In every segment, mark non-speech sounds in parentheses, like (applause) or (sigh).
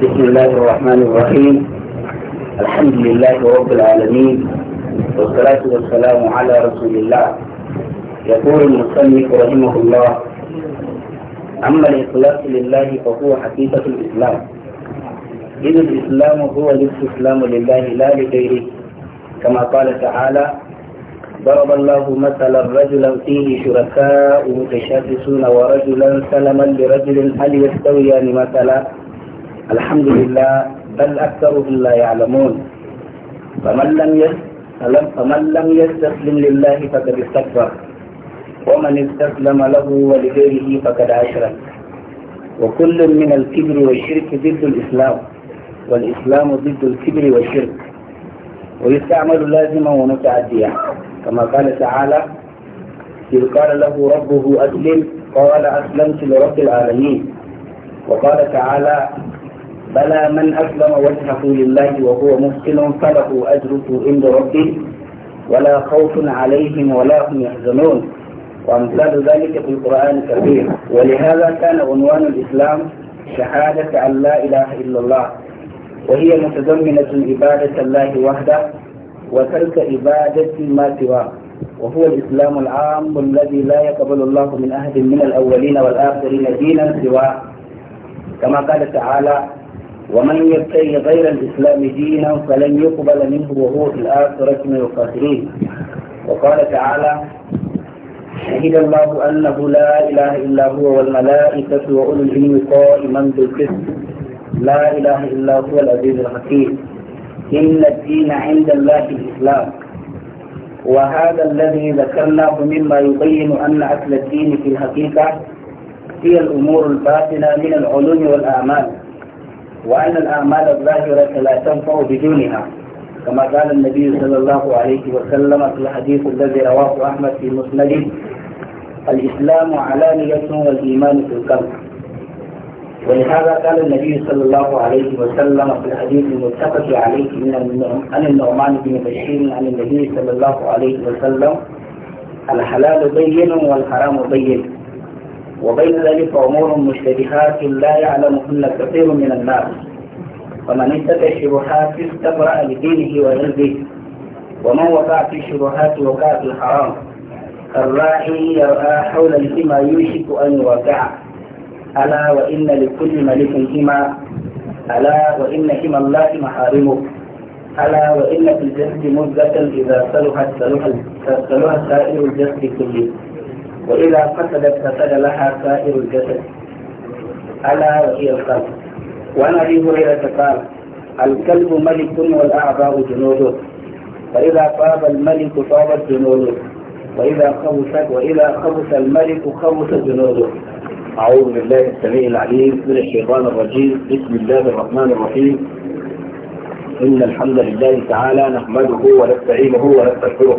بسم الله الرحمن الرحيم الحمد لله رب العالمين والصلاة والسلام على رسول الله يقول المصنف رحمه الله أما الإخلاص لله فهو حقيقة الإسلام إذ الإسلام هو الاستسلام لله لا لغيره كما قال تعالى ضرب الله مثلا رجلا فيه شركاء متشاكسون ورجلا سلما لرجل هل يستويان مثلا الحمد لله بل أكثرهم لا يعلمون فمن لم يستسلم فمن لم يستسلم لله فقد استكبر ومن استسلم له ولغيره فقد أشرك وكل من الكبر والشرك ضد الإسلام والإسلام ضد الكبر والشرك ويستعمل لازما ومتعديا كما قال تعالى إذ قال له ربه أسلم قال أسلمت لرب العالمين وقال تعالى بلى من أسلم وجهه لله وهو محسن فله أجره عند ربه ولا خوف عليهم ولا هم يحزنون وأمثال ذلك في القرآن الكريم ولهذا كان عنوان الإسلام شهادة أن لا إله إلا الله وهي متضمنة عبادة الله وحده وترك عبادة ما سواه وهو الإسلام العام الذي لا يقبل الله من أحد من الأولين والآخرين دينا سواه كما قال تعالى ومن يبتغي غير الإسلام دينا فلن يقبل منه وهو في الآخرة من الخاسرين وقال تعالى شهد الله أنه لا إله إلا هو والملائكة وأولو العلم قائما بالقسط لا إله إلا هو العزيز الحكيم إن الدين عند الله الإسلام وهذا الذي ذكرناه مما يبين أن أصل الدين في الحقيقة هي الأمور الباطنة من العلوم والأعمال وأن الأعمال الظاهرة لا تنفع بدونها كما قال النبي صلى الله عليه وسلم في الحديث الذي رواه أحمد في مسنده الإسلام علانية والإيمان في القلب ولهذا قال النبي صلى الله عليه وسلم في الحديث المتفق عليه من عن النعمان بن بشير عن النبي صلى الله عليه وسلم الحلال بين والحرام بين وبين ذلك أمور مشتبهات لا يعلمهن كثير من الناس ومن اتقى الشبهات استبرأ لدينه وعرضه ومن وقع في الشبهات وقع في الحرام الراعي يرعى حول الهما يوشك أن يوقع ألا وإن لكل ملك هما ألا وإن هما الله محارمه ألا وإن في الجسد مدة إذا صلحت سلحت سلح سائر الجسد كله وإذا فسدت فسد لها سائر الجسد ألا وهي القلب وعن أبي هريرة قال الكلب ملك والأعضاء جنوده فإذا طاب الملك طابت جنوده وإذا خبث وإذا خبث الملك خبث جنوده أعوذ بالله السميع العليم من الشيطان الرجيم بسم الله الرحمن الرحيم إن الحمد لله تعالى نحمده ونستعينه ونستغفره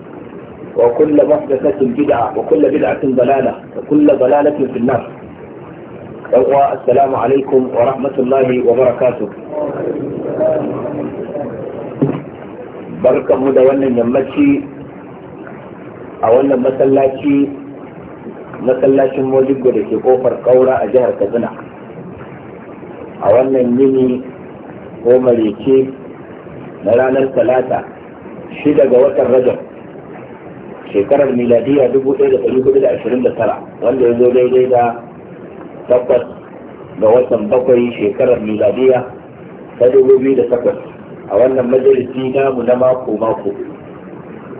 وكل محدثة بدعة وكل بدعة ضلالة وكل ضلالة في النار السلام عليكم ورحمة الله وبركاته barkan mu da wannan yammaci a wannan masallacin mojibgo da ke ƙofar ƙaura a jihar katsina a wannan yini ko marece na ranar talata shida ga watan rajab shekarar miladiya 1429 wanda ya zo daidai da takwas ga watan bakwai shekarar miladiya ta 2008 a wannan majalisi namu na mako-mako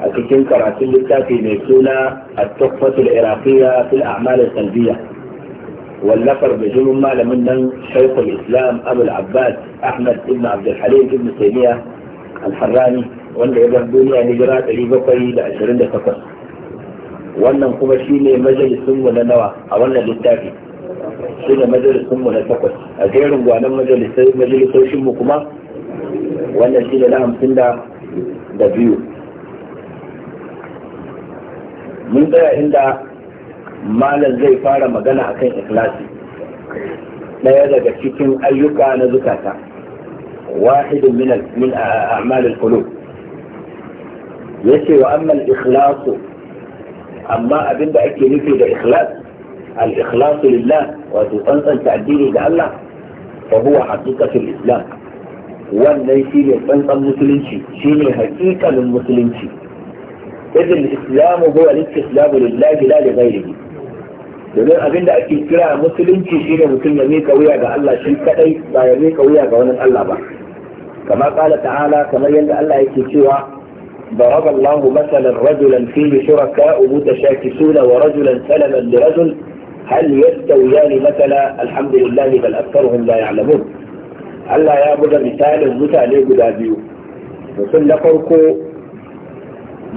a cikin karatun littafi mai suna a tukfatul iraqiyya fil a'mal salbiya wallafar bijimin malamin nan shaikul islam abul abbas ahmad ibn abdulhalim ibn taymiya al-harrani wanda ya bar duniya hijira ɗari bakwai da ashirin da takwas wannan kuma shi ne majalisunmu na nawa a wannan littafi shi ne majalisunmu na takwas a jerin gwanon majalisoshinmu kuma wannan shi ne na hamsin da biyu mun tsaya inda malam zai fara magana akan ikhlasi ɗaya daga cikin ayyuka na zukata wahidin min a'malul qulub yace wa amma al ikhlas amma abinda ake nufi da ikhlas al ikhlas lillah wa tsantsanta ta'dili ga Allah fa huwa haqiqatu al islam wannan ne tsantsan musulunci shi ne haqiqanin musulunci idan islamu huwa al-istislamu lillah la li ghayrihi domin abin da ake kira musulunci shi ne mutum ya mika wuya ga Allah shi kadai ba ya mika wuya ga wani Allah ba kama kala ta'ala kamar yadda Allah yake cewa ضرب الله مثلا رجلا فيه شركاء متشاكسون ورجلا سلما لرجل هل يستويان مثلا الحمد لله بل أكثرهم لا يعلمون Allah ya buga misalin mutane guda biyu mutum na farko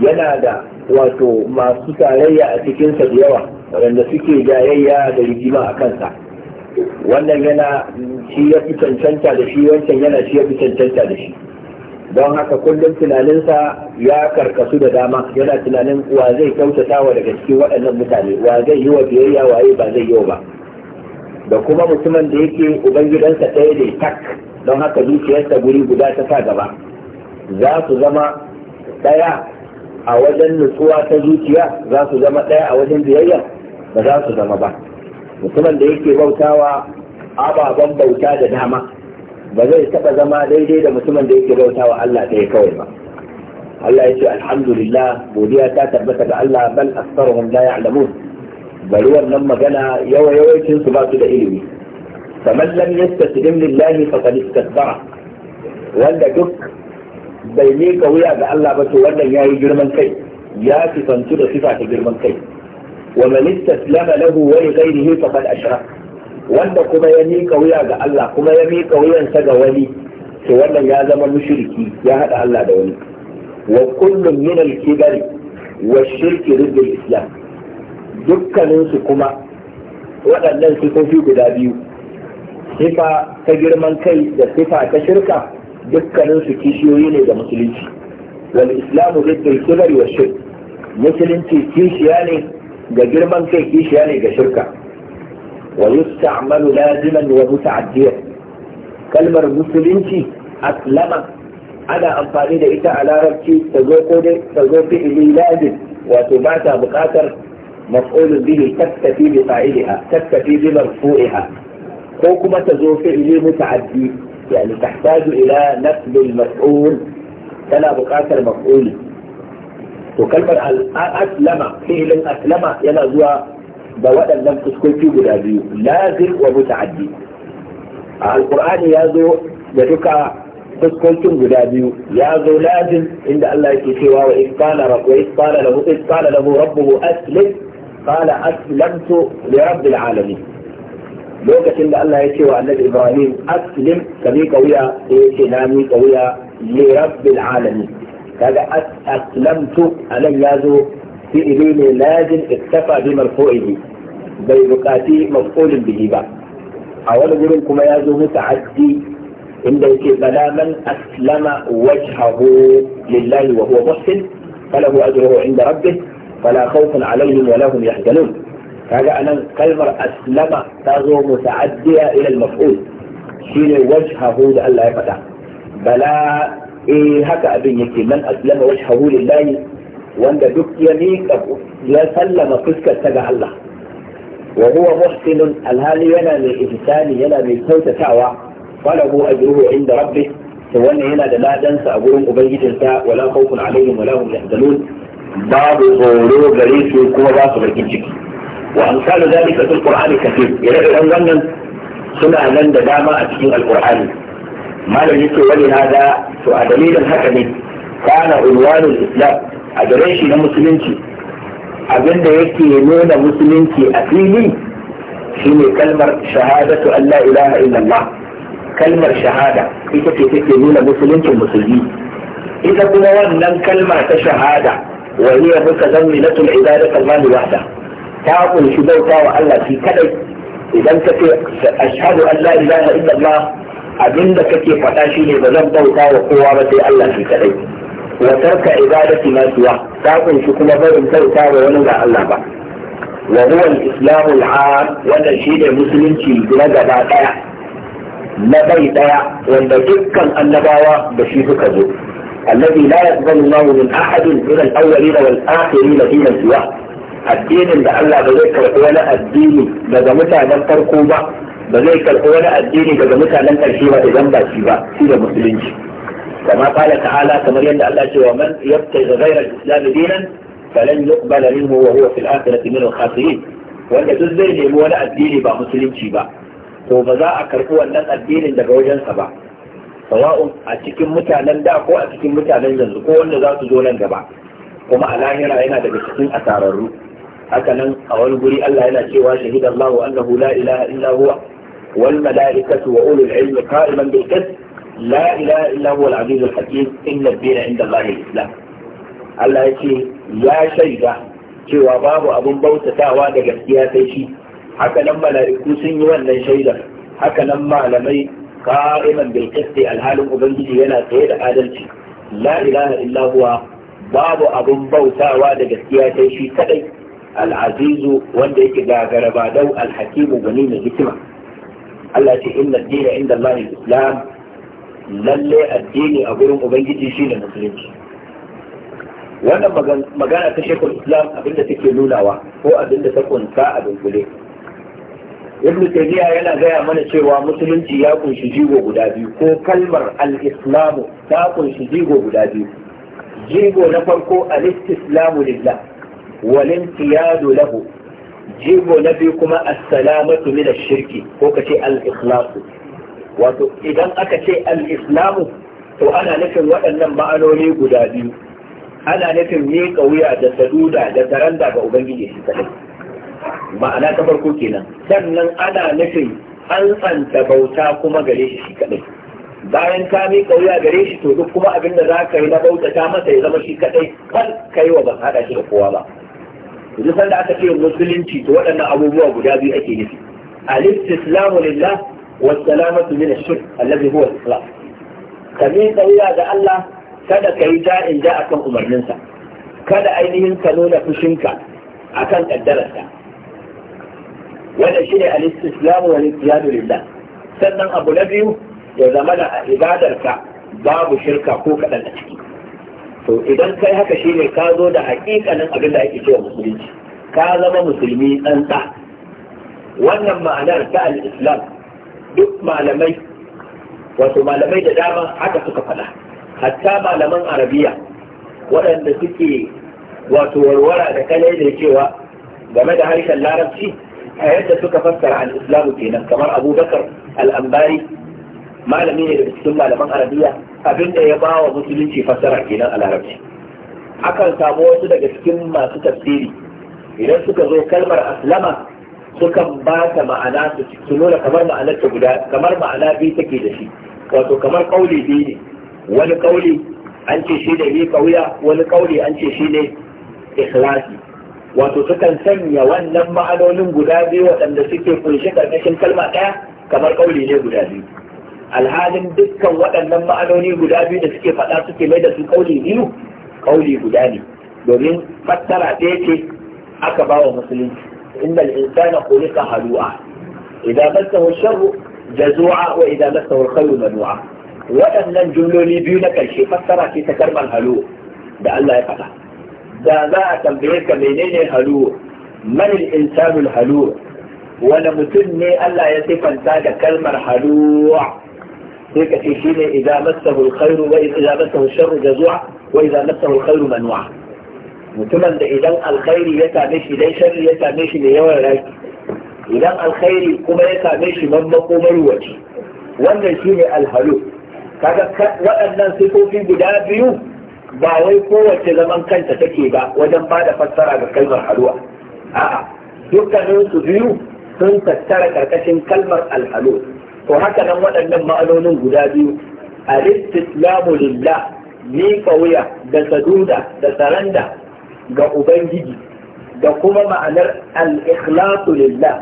yana da wato masu tarayya a cikinsa da yawa wadanda suke jayayya da rigima a kansa wannan yana shi ya fi cancanta da shi wancan yana shi ya fi cancanta da shi don haka kullum tunaninsa ya karkasu da dama yana tunanin wa zai kyautata wa daga cikin waɗannan mutane wa zai yi wa biyayya waye ba zai yi ba da kuma mutumin da yake ubangidansa ɗaya ne tak don haka zuciyarsa guri guda ta sa gaba za su zama ɗaya a wajen nutsuwa ta zuciya za su zama ɗaya a wajen biyayya ba za su zama ba mutumin da yake bautawa ababen bauta da dama ba zai taɓa zama daidai da mutumin da yake bauta wa Allah ɗaya kawai ba Allah ya ce alhamdulillah godiya ta tabbata ga Allah bal aktsaruhum la ya'lamun bari wannan magana yawa yawancin su ba su da ilimi faman lam yastaslim lillahi faqad istakbara wanda duk bai miƙa wuya ga Allah ba to wannan yayi girman kai ya sifantu da sifa ta girman kai wa man istaslama lahu wa li ghayrihi faqad ashraka wanda kuma ya miƙa wuya ga Allah kuma ya miƙa wuyansa ga wani to wannan ya zama mushriki ya haɗa Allah da wani wa kullum min al-kibari wa shirki al islam dukkanin su kuma waɗannan sifofi guda biyu sifa ta girman kai da sifa ta shirka dukkanin su kishiyoyi ne ga musulunci wal islamu ridda al-kibari wa shirk musulunci kishiya ne ga girman kai kishiya ne ga shirka ويستعمل لازما ومتعديا كلمة المسلمتي أسلم أنا أنطاني إذا على ربك تزوكني تزوكي إلي لازم وتبعت بقاتر مفعول به تكتفي بفاعلها تكتفي بمرفوعها حكمة تزوكي إلي متعدي يعني تحتاج إلى نسب المفعول فلا بقاتر مفعول وكلمة أسلم فعلا أسلم ينزوها da waɗannan fuskoki guda biyu lazim wa muta'addi a alqur'ani ya zo da duka fuskokin guda biyu ya zo lazim inda Allah yake cewa wa isqala rabbu isqala lahu isqala lahu rabbuhu aslim qala aslamtu li rabbil alamin lokacin da Allah ya ce wa annabi Ibrahim aslim ka mi kauya sai ya ce na mi kauya li rabbil alamin kaga aslamtu anan ya zo fi'ili ne lazim iktafa bai bukati maf'ulin bihi ba a wani gurin kuma ya zo muta'addi inda yake bala man aslama wajhahu lillahi wa huwa muhsin falahu ajruhu inda rabbih fala khawfun alaihim wa lahum yahzanun kaga anan kalmar aslama ta zo muta'addiya ila al-maf'ul shine wajhahu da Allah ya fada bala eh haka abin yake man aslama wajhahu lillahi wanda duk ya miƙa ya sallama fuskar ta ga Allah وهو محسن الهال ينا بإحسان ينا بالكوت تعوى فله أجره عند ربه سوان ينا دلا دنس أبوهم أبيت الساء ولا خوف عليهم ولا هم يحزنون باب غورو غريس كوما باسو بركنشك وأمثال ذلك في القرآن كثير يلعي رمضان سنة لن دداما أتكين القرآن ما لم يكن ولي هذا سؤال دليل الحكم كان عنوان الإسلام أدريشي نمسلمتي Abin da yake nuna musulunci a fili shine kalmar shahadatu an la ilaha illallah kalmar shahada ita ce take nuna musuluncin musulmi ita kuma wannan kalma ta shahada wa hiya mutazamminatu al-ibadatu Allah wahda ta kunshi bauta wa Allah shi kadai idan ka ce ashhadu an la ilaha illallah abinda kake faɗa shine ba zan bauta wa kowa ba sai Allah shi kadai وترك عبادة ما سوى تاكن شكما فرم ترتاب ونزع الله با وهو الإسلام العام ونشيد المسلم في بلد باتا نبيتا وندككا النباوة بشيه كذو الذي لا يقبل الله من أحد من الأولين والآخرين دين سواه الدين اللي الله بذلك الأولى الدين بذا متى لم تركوا با بذلك الأولى الدين بذا متى لم تركوا با إذن با سيبا سيبا مسلمين كما قال تعالى كما يدعى الله ومن يبتغي غير الإسلام دينا فلن يقبل منه وهو في الآخرة من الخاسرين wanda duk zai nemi wani addini ba musulunci ba to ba za a karɓi wannan addinin daga wajensa ba sawa'un a cikin mutanen da ko a cikin mutanen yanzu ko wanda za su zo nan gaba kuma a lahira yana daga cikin asararru haka nan a wani guri Allah yana cewa shahida Allahu annahu la ilaha illa huwa wal mala'ikatu wa ulul ilmi la ilaha illa huwa al-aziz al-hakim inna ad-dina inda Allah al-islam Allah yace ya shaida cewa babu abun bautatawa da gaskiya sai shi haka nan mala'iku sun yi wannan shaidar haka nan malamai qa'iman bil qisti alhalin ubangiji yana tsaye da adalci la ilaha illa huwa babu abun bautawa da gaskiya sai shi kadai Al'azizu azizu wanda yake gagara ba dau al-hakimu gani mai hikima Allah ce inna ad-dina inda Allah al-islam lalle addini a gurin ubangiji shine musulunci wannan magana ta shekul islam abinda take nunawa ko abinda ta kunsa a dunkule ibn taymiya yana gaya mana cewa musulunci ya kunshi jigo guda biyu ko kalmar al-islamu ta kunshi jigo guda biyu jigo na farko al-istislamu lillah wal inqiyadu lahu jigo na biyu kuma as-salamatu min ash-shirki ko kace al-ikhlasu wato idan aka ce al-islamu to ana nufin waɗannan ma'anoni guda biyu ana nufin miƙa wuya da saduda da taranda ga ubangiji shi kadai ma'ana ta farko kenan sannan ana nufin an tsanta bauta kuma gare shi shi kadai bayan ka miƙa wuya gare shi to duk kuma abin da za ka yi na ta masa ya zama shi kadai kan kai wa ban haɗa shi da kowa ba duk sanda aka ce musulunci to waɗannan abubuwa guda biyu ake nufi al-islamu lillah والسلامة من الشرك الذي هو الإسلام كمين قوية ده الله كذا كيدا إن جاءكم أمر ننسى كذا أينهم كنون فشنك أكن قدرتها ولا الاستسلام والانقياد لله sannan abu na biyu ya zama da ka babu shirka ko kaɗan a ciki to idan kai haka shi ne ka zo da hakikanin abin da ake cewa musulunci ka zama musulmi ɗan wannan ma'anar ta al-islam duk malamai wato malamai da dama haka suka faɗa hatta malaman arabiya waɗanda suke wato warwara da kalai da cewa game da harshen larabci a yadda suka fassara al-islamu kenan kamar abubakar al-ambari malami ne daga cikin malaman arabiya abinda ya bawa musulunci fassara kenan a larabci akan samu wasu daga cikin masu tafsiri idan suka zo kalmar aslama sukan ba ta ma'ana su su nuna kamar ma'anar ta guda kamar ma'ana biyu take da shi wato kamar kauli biyu ne wani kauli an ce shi ne miƙa wuya wani kauli an ce shi ne ikhlasi wato sukan sanya wannan ma'anonin guda biyu waɗanda suke kunshe karkashin kalma ɗaya kamar kauli ne guda biyu alhalin dukkan waɗannan ma'anoni guda biyu da suke faɗa suke mai da su kauli biyu kauli guda ne domin fassara ɗaya ce aka ba wa musulunci إن الإنسان خلق هلوعا إذا مسه الشر جزوعا وإذا مسه الخير منوعا ولم ننجل لي بيونك الشيء فترى في تكرم الهلوع ده الله يفتح ده ما تنبيرك منين الهلوع من الإنسان الهلوع ولم متني الا يصف انت كلمة هلوع تلك في حين اذا مسه الخير واذا مسه الشر جزوع واذا مسه الخير منوعا mutumin da idan alkhairi ya same shi dai sharri ya same shi mai yawan raki idan alkhairi kuma ya same shi mammako marwaci wannan shi ne alhalu kaga waɗannan sifofi guda biyu ba wai kowace zaman kanta take ba wajen ba da fassara ga kalmar halwa a'a dukkanin su biyu sun tattara karkashin kalmar alhalu to haka nan waɗannan ma'anonin guda biyu al-istislamu lillah ni wuya da saduda da saranda ga ubangiji da kuma ma'anar al lillah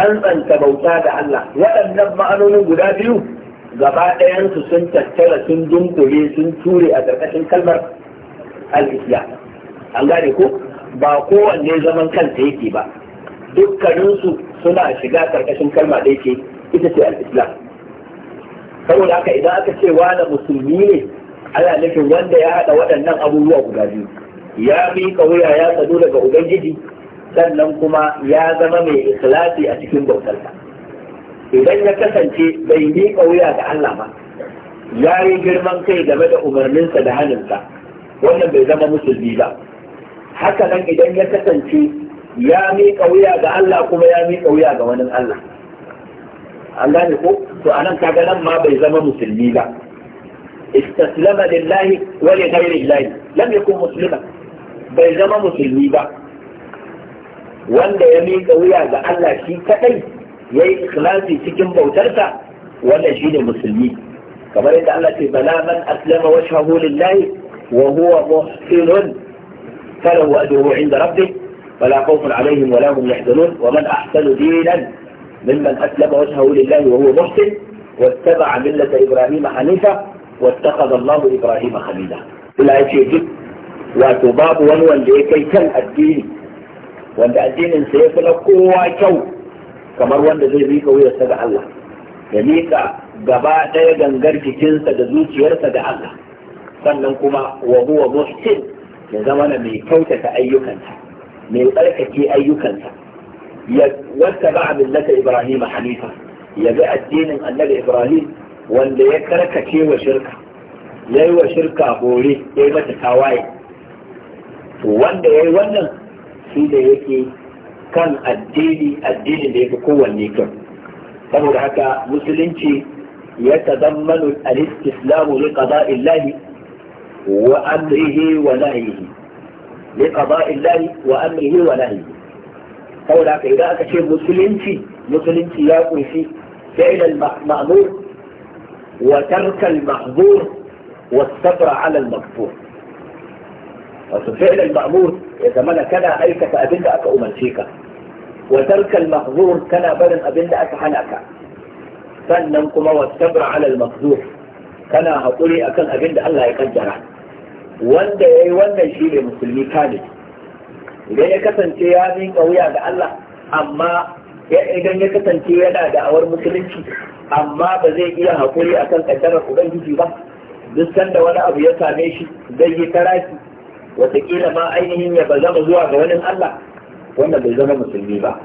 an tsanta bauta da Allah waɗannan ma'anonin guda biyu gaba ɗayansu sun tattara sun dunkule sun ture a ƙarƙashin kalmar al an gane ko ba kowanne zaman kanta yake ba dukkaninsu suna shiga ƙarƙashin kalma da yake ita ce al saboda haka idan aka ce wani musulmi ne ana nufin wanda ya haɗa waɗannan abubuwa guda biyu ya bi wuya ya tsado daga ubangiji sannan kuma ya zama mai ikhlasi a cikin bautarsa idan ya kasance bai miƙa wuya ga Allah ba ya yi girman kai game da umarninsa da hannunsa wannan bai zama musulmi ba haka nan idan ya kasance ya miƙa wuya ga Allah kuma ya miƙa wuya ga wani Allah an gane ko to anan kaga nan ma bai zama musulmi ba استسلم لله ولغير الله لم يكن مسلما bai zama musulmi ba wanda ya miƙa wuya ga Allah shi kadai ya yi ikhlasi cikin bautarsa shi ne musulmi kamar yadda Allah ce bala man aslama wajhahu lillahi wa huwa muhsinun kala wa ajruhu inda rabbih ولا خوف yahzanun wa man يحزنون ومن mimman aslama ممن اسلم وجهه لله وهو محسن واتبع مله ابراهيم حنيفا واتخذ الله ابراهيم خليلا الى يجي wato babu wani wanda ya kai kan addini wanda addininsa ya fi na kowa kyau kamar wanda zai rika wuyarsa ga Allah ya miƙa gaba ɗaya gangar jikinsa da zuciyarsa ga Allah sannan kuma wa huwa muhsin ya zama na mai kyautata ayyukanta, mai tsarkake ayyukansa ya wata ba millata Ibrahim Hanifa ya ga addinin Annabi Ibrahim wanda ya karkace wa shirka yayi wa shirka bore yayi mata tawaye to wanda ya yi wannan shi da yake kan addini addini da yake kowanne kan saboda haka musulunci ya tazammanu al-istislamu li qada'illahi wa amrihi wa nahyihi li qada'illahi wa amrihi wa nahyihi saboda haka idan aka ce musulunci musulunci ya kunshi فعل المأمور وترك المحظور والصبر على المكفور wato fi'l mamur ya zamana kana aikata abin da aka umarce ka wa tarka al-mahzur kana barin abin da aka hana ka sannan kuma wastabra ala al Mahzur kana hakuri akan abin da Allah ya kaddara wanda yayi wannan shi ne musulmi kane idan ya kasance ya miƙa wuya ga Allah amma idan ya kasance yana da awar musulunci amma ba zai iya hakuri akan kaddarar ubangiji ba duk sanda wani abu ya same shi zai yi taraki watakila ma ainihin ya bazama zuwa ga wani Allah wannan bai zama musulmi ba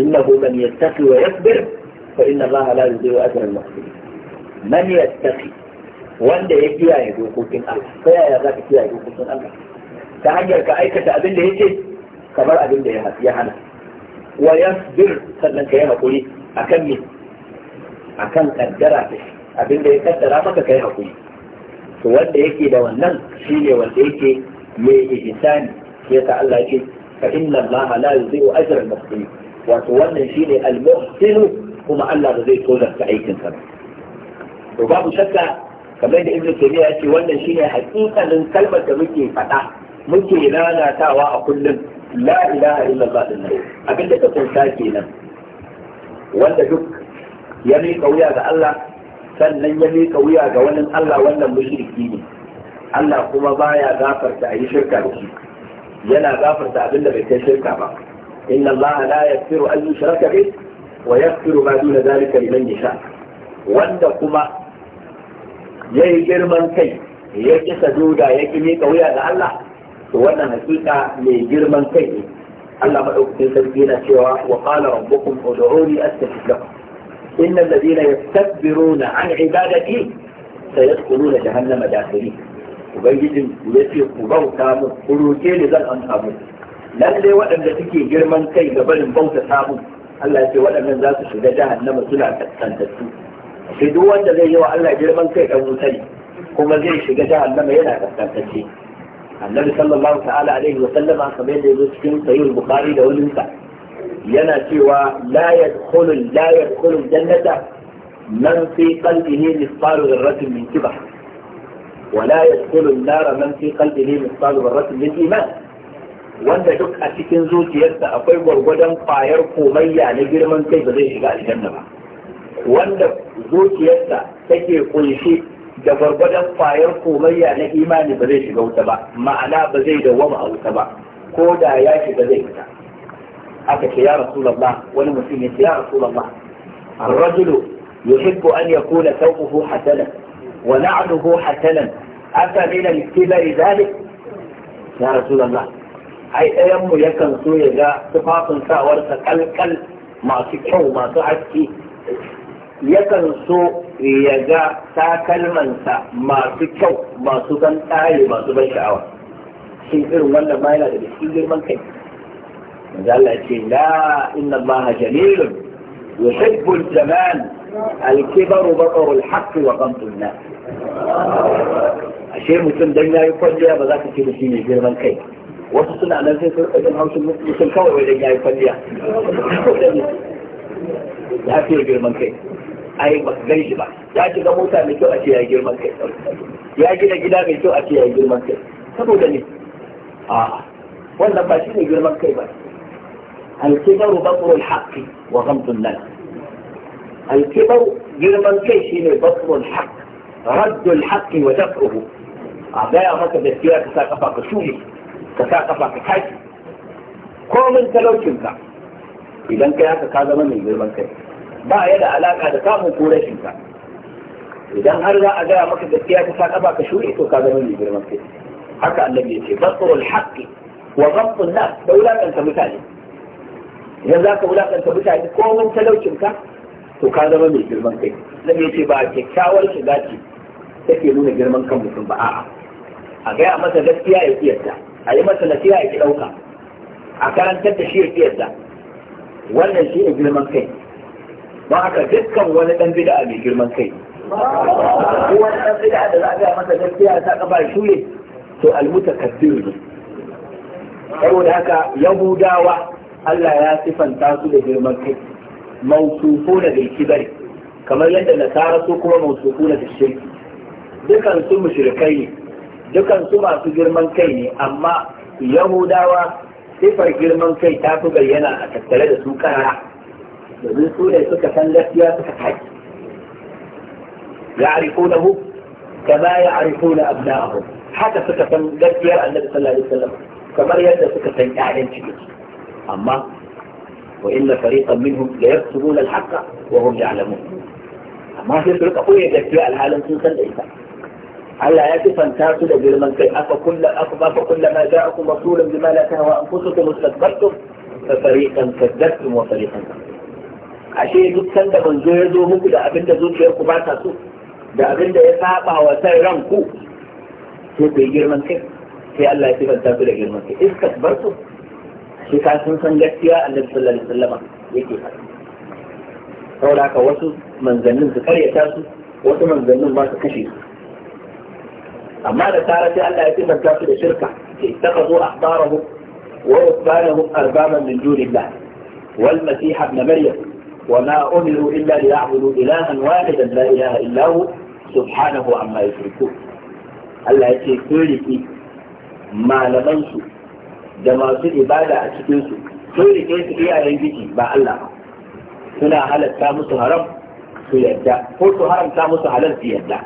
innahu man yattaqi wa yasbir fa inna Allah la yudhi'u ajra al-muhsinin man yattaqi wanda ya kiyaye dokokin Allah ta yaya za ka kiyaye dokokin Allah ta hanyar ka aikata abin da yake kamar abin da ya hana wa yasbir sannan ka yi hakuri akan me akan kaddara abin da ya kaddara maka kai hakuri to wanda yake da wannan shine wanda yake mai ihsani sai ka Allah ce fa inna Allah la yudhi'u ajra al-muhsinin wato wannan shine al-muhsin kuma Allah ba zai tozarta aikin sa to babu shakka kamar da Ibn Taymiyyah ya ce wannan shine hakikanin kalmar da muke faɗa muke lalatawa a kullum la ilaha illallah din nan abinda ka kunta kenan wanda duk ya miƙa wuya ga Allah sannan ya miƙa wuya ga wannan Allah wannan mushriki ne Allah kuma baya gafarta a yi shirka da shi yana gafarta abin da bai kai shirka ba inna Allah la yaghfiru an yushraka bih wa yaghfiru ma duna zalika liman yasha wanda kuma yayi girman kai ya kisa saduda ya ki mika wuya ga Allah to wannan hakika mai girman kai ne Allah madaukakin sarki yana cewa wa qala rabbukum ud'uni astajib lakum innal ladina yastakbiruna an ibadati sayadkhuluna jahannama dakhirin ubangijin ku ya ce ku bauta mu ku roke ni zan amsa mu lalle waɗanda suke girman kai ga barin bauta samu Allah ya ce waɗannan za su shiga jahannama suna kaskantattu sai duk wanda zai yi wa Allah girman kai dan wuta kuma zai shiga jahannama yana kaskantacce annabi sallallahu ta'ala alaihi wa sallama kamar yadda yazo cikin sahih bukhari da wani sa yana cewa la yadkhulu la yadkhulu jannata man fi qalbihi mithqalu dharratin min kibr wala yadkhulu an-nar man fi qalbihi mithqalu dharratin min iman wanda duk a cikin zuciyarsa akwai gwargwadon kwayar komayya na girman kai ba zai shiga aljanna ba wanda zuciyarsa take kunshi da gwargwadon kwayar komayya na imani ba zai shiga wuta ba ma'ana ba zai dawwama a wuta ba ko da ya shiga zai fita aka ce ya rasulullah wani mutum ya ce ya rasulullah الرجل يحب أن يكون ثوبه حسنا ونعله حسنا أفمن الكبر ذلك يا رسول الله ai ɗayan mu yakan so ya ga tufafin sawarsa kalkal masu kyau masu haske yakan so ya ga takalmansa masu kyau masu ban tsari masu ban sha'awa shin irin wannan ma yana da cikin girman kai Allah ce la inna Allah jalilun يحب الجمال الكبر بطر الحق وغمط الناس الشيء المسلم دينا يفضل يا بذاك في مسلم يجير من كيف وصلنا على ذلك ابن هوس المسلم كوي ولينا يفضل يا يا في يجير من كيف أي مقبلش بعد يا جدا موسى ميتو أتي يا من كيف يا جدا جدا ميتو أتي يا من كيف سبو دني آه وانا باشين يجير من كيف الكبر بطر الكبر بطر الحق وغمض الناس الكبر يرمن كيشين بطل الحق رد الحق ودفعه أعداء أمك بسكيرا تساقفا قشوهي تساقفا قحيش قوم انت لو كنت إذن كياك كذا من يرمن كي با يدا علاقة كام وكوريش انت إذن هرلا أعداء أمك بسكيرا تساقفا قشوهي تو كذا من يرمن كي حكا النبي يتي بطل الحق وغمض الناس دولا انت مثالي idan za ka wulakanta mutane komin talaucin ka to ka zama mai girman kai zan yace ba kyakkyawar shiga ce take nuna girman kan mutum ba a'a a gaya masa gaskiya ya kiyarta a yi masa nasiha ya ki ɗauka a karantar da shi ya kiyarta wannan shi ne girman kai don haka dukkan wani ɗan bida'a mai girman kai ko wani ɗan bida'a da za a gaya masa gaskiya ta kafa shuye to almutakabbir ne saboda haka yahudawa Allah ya sifanta su da girman kai mawsufuna bil kibr kamar yadda nasara su kuma mawsufuna bil shirk dukan su mushrikai ne dukan su masu girman kai ne amma yahudawa sifar girman kai ta fi bayyana a tattare da su kara domin su ne suka san gaskiya suka taki ya'rifunahu kama ya'rifuna abna'ahum haka suka san gaskiyar annabi sallallahu alaihi wasallam kamar yadda suka san ƴaƴan cikin su amma wa inna fariqan minhum la yaktubuna al-haqqa wa hum ya'lamun amma sai su rika koyi gaskiya alhalin sun san da ita Allah ya sifanta su da girman kai aka kulla aka ba ka kulla ma ja'akum rasulun bima la tahwa anfusukum istakbartum fa fariqan kadzabtum wa fariqan ashe duk sanda manzo ya zo muku da abin da zuciyarku ba ta so da abin da ya saba wa san ranku sai ku girman kai sai Allah ya sifanta su da girman kai istakbartum shi ka sun san gaskiya annabi sallallahu alaihi wasallam yake faɗi saboda haka wasu manzannin su karyata su wasu manzannin ba su kashe su amma da tara sai Allah ya kimanta su da shirka ke ittakhadhu ahbarahum wa rubbanahum arbaban min dunillah wal masih ibn maryam وما أمروا إلا ليعبدوا إلها واحدا لا إله إلا هو سبحانه عما يشركون Allah ya ce sun riƙi malamansu da masu ibada a cikinsu sun rike su iyayen giji ba Allah ba suna halatta musu haram su yadda ko su haramta musu halal su yadda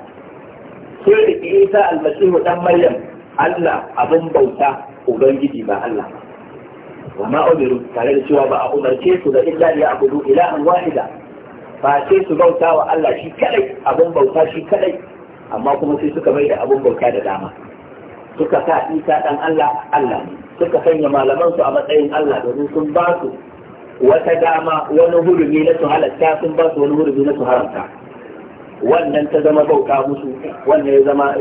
sun rike isa almasihu dan maryam Allah abin bauta ubangiji ba Allah ba wa ma umiru tare da cewa ba a umarce su da illa ya abudu ilahan wahida ba sai su bauta wa Allah shi kadai abin bauta shi kadai amma kuma sai suka mai da abin bauta da dama suka sa isa dan Allah Allah ne suka sanya malamansu a matsayin Allah domin sun ba su wata dama wani hurumi na su halatta sun ba su wani hurumi na su haramta wannan ta zama bauta musu wannan ya zama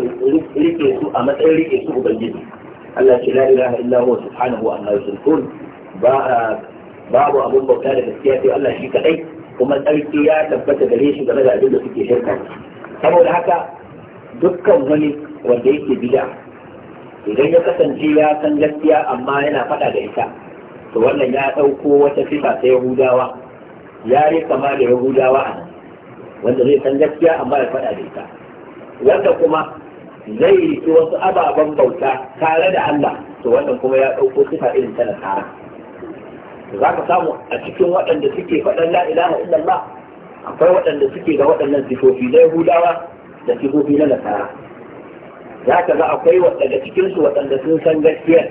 rike su a matsayin rike su ubangiji Allah ce la ilaha illa huwa subhanahu wa ta'ala yusrifun ba babu abun bauta da gaskiya sai Allah shi kadai kuma tsarki ya tabbata gare shi game da abin da suke shirka saboda haka dukkan wani wanda yake bid'a idan ya kasance ya san gaskiya amma yana faɗa da ita to wannan ya ɗauko wata sifa ta yahudawa ya yi kama da yahudawa a nan wanda zai san gaskiya amma ya faɗa da ita wanda kuma zai yi wasu ababen bauta tare da Allah to wannan kuma ya ɗauko sifa irin ta nasara za ka samu a cikin waɗanda suke faɗan la ilaha illallah akwai waɗanda suke ga waɗannan sifofi na yahudawa da sifofi na nasara za ka ga akwai daga cikinsu waɗanda sun san gaskiya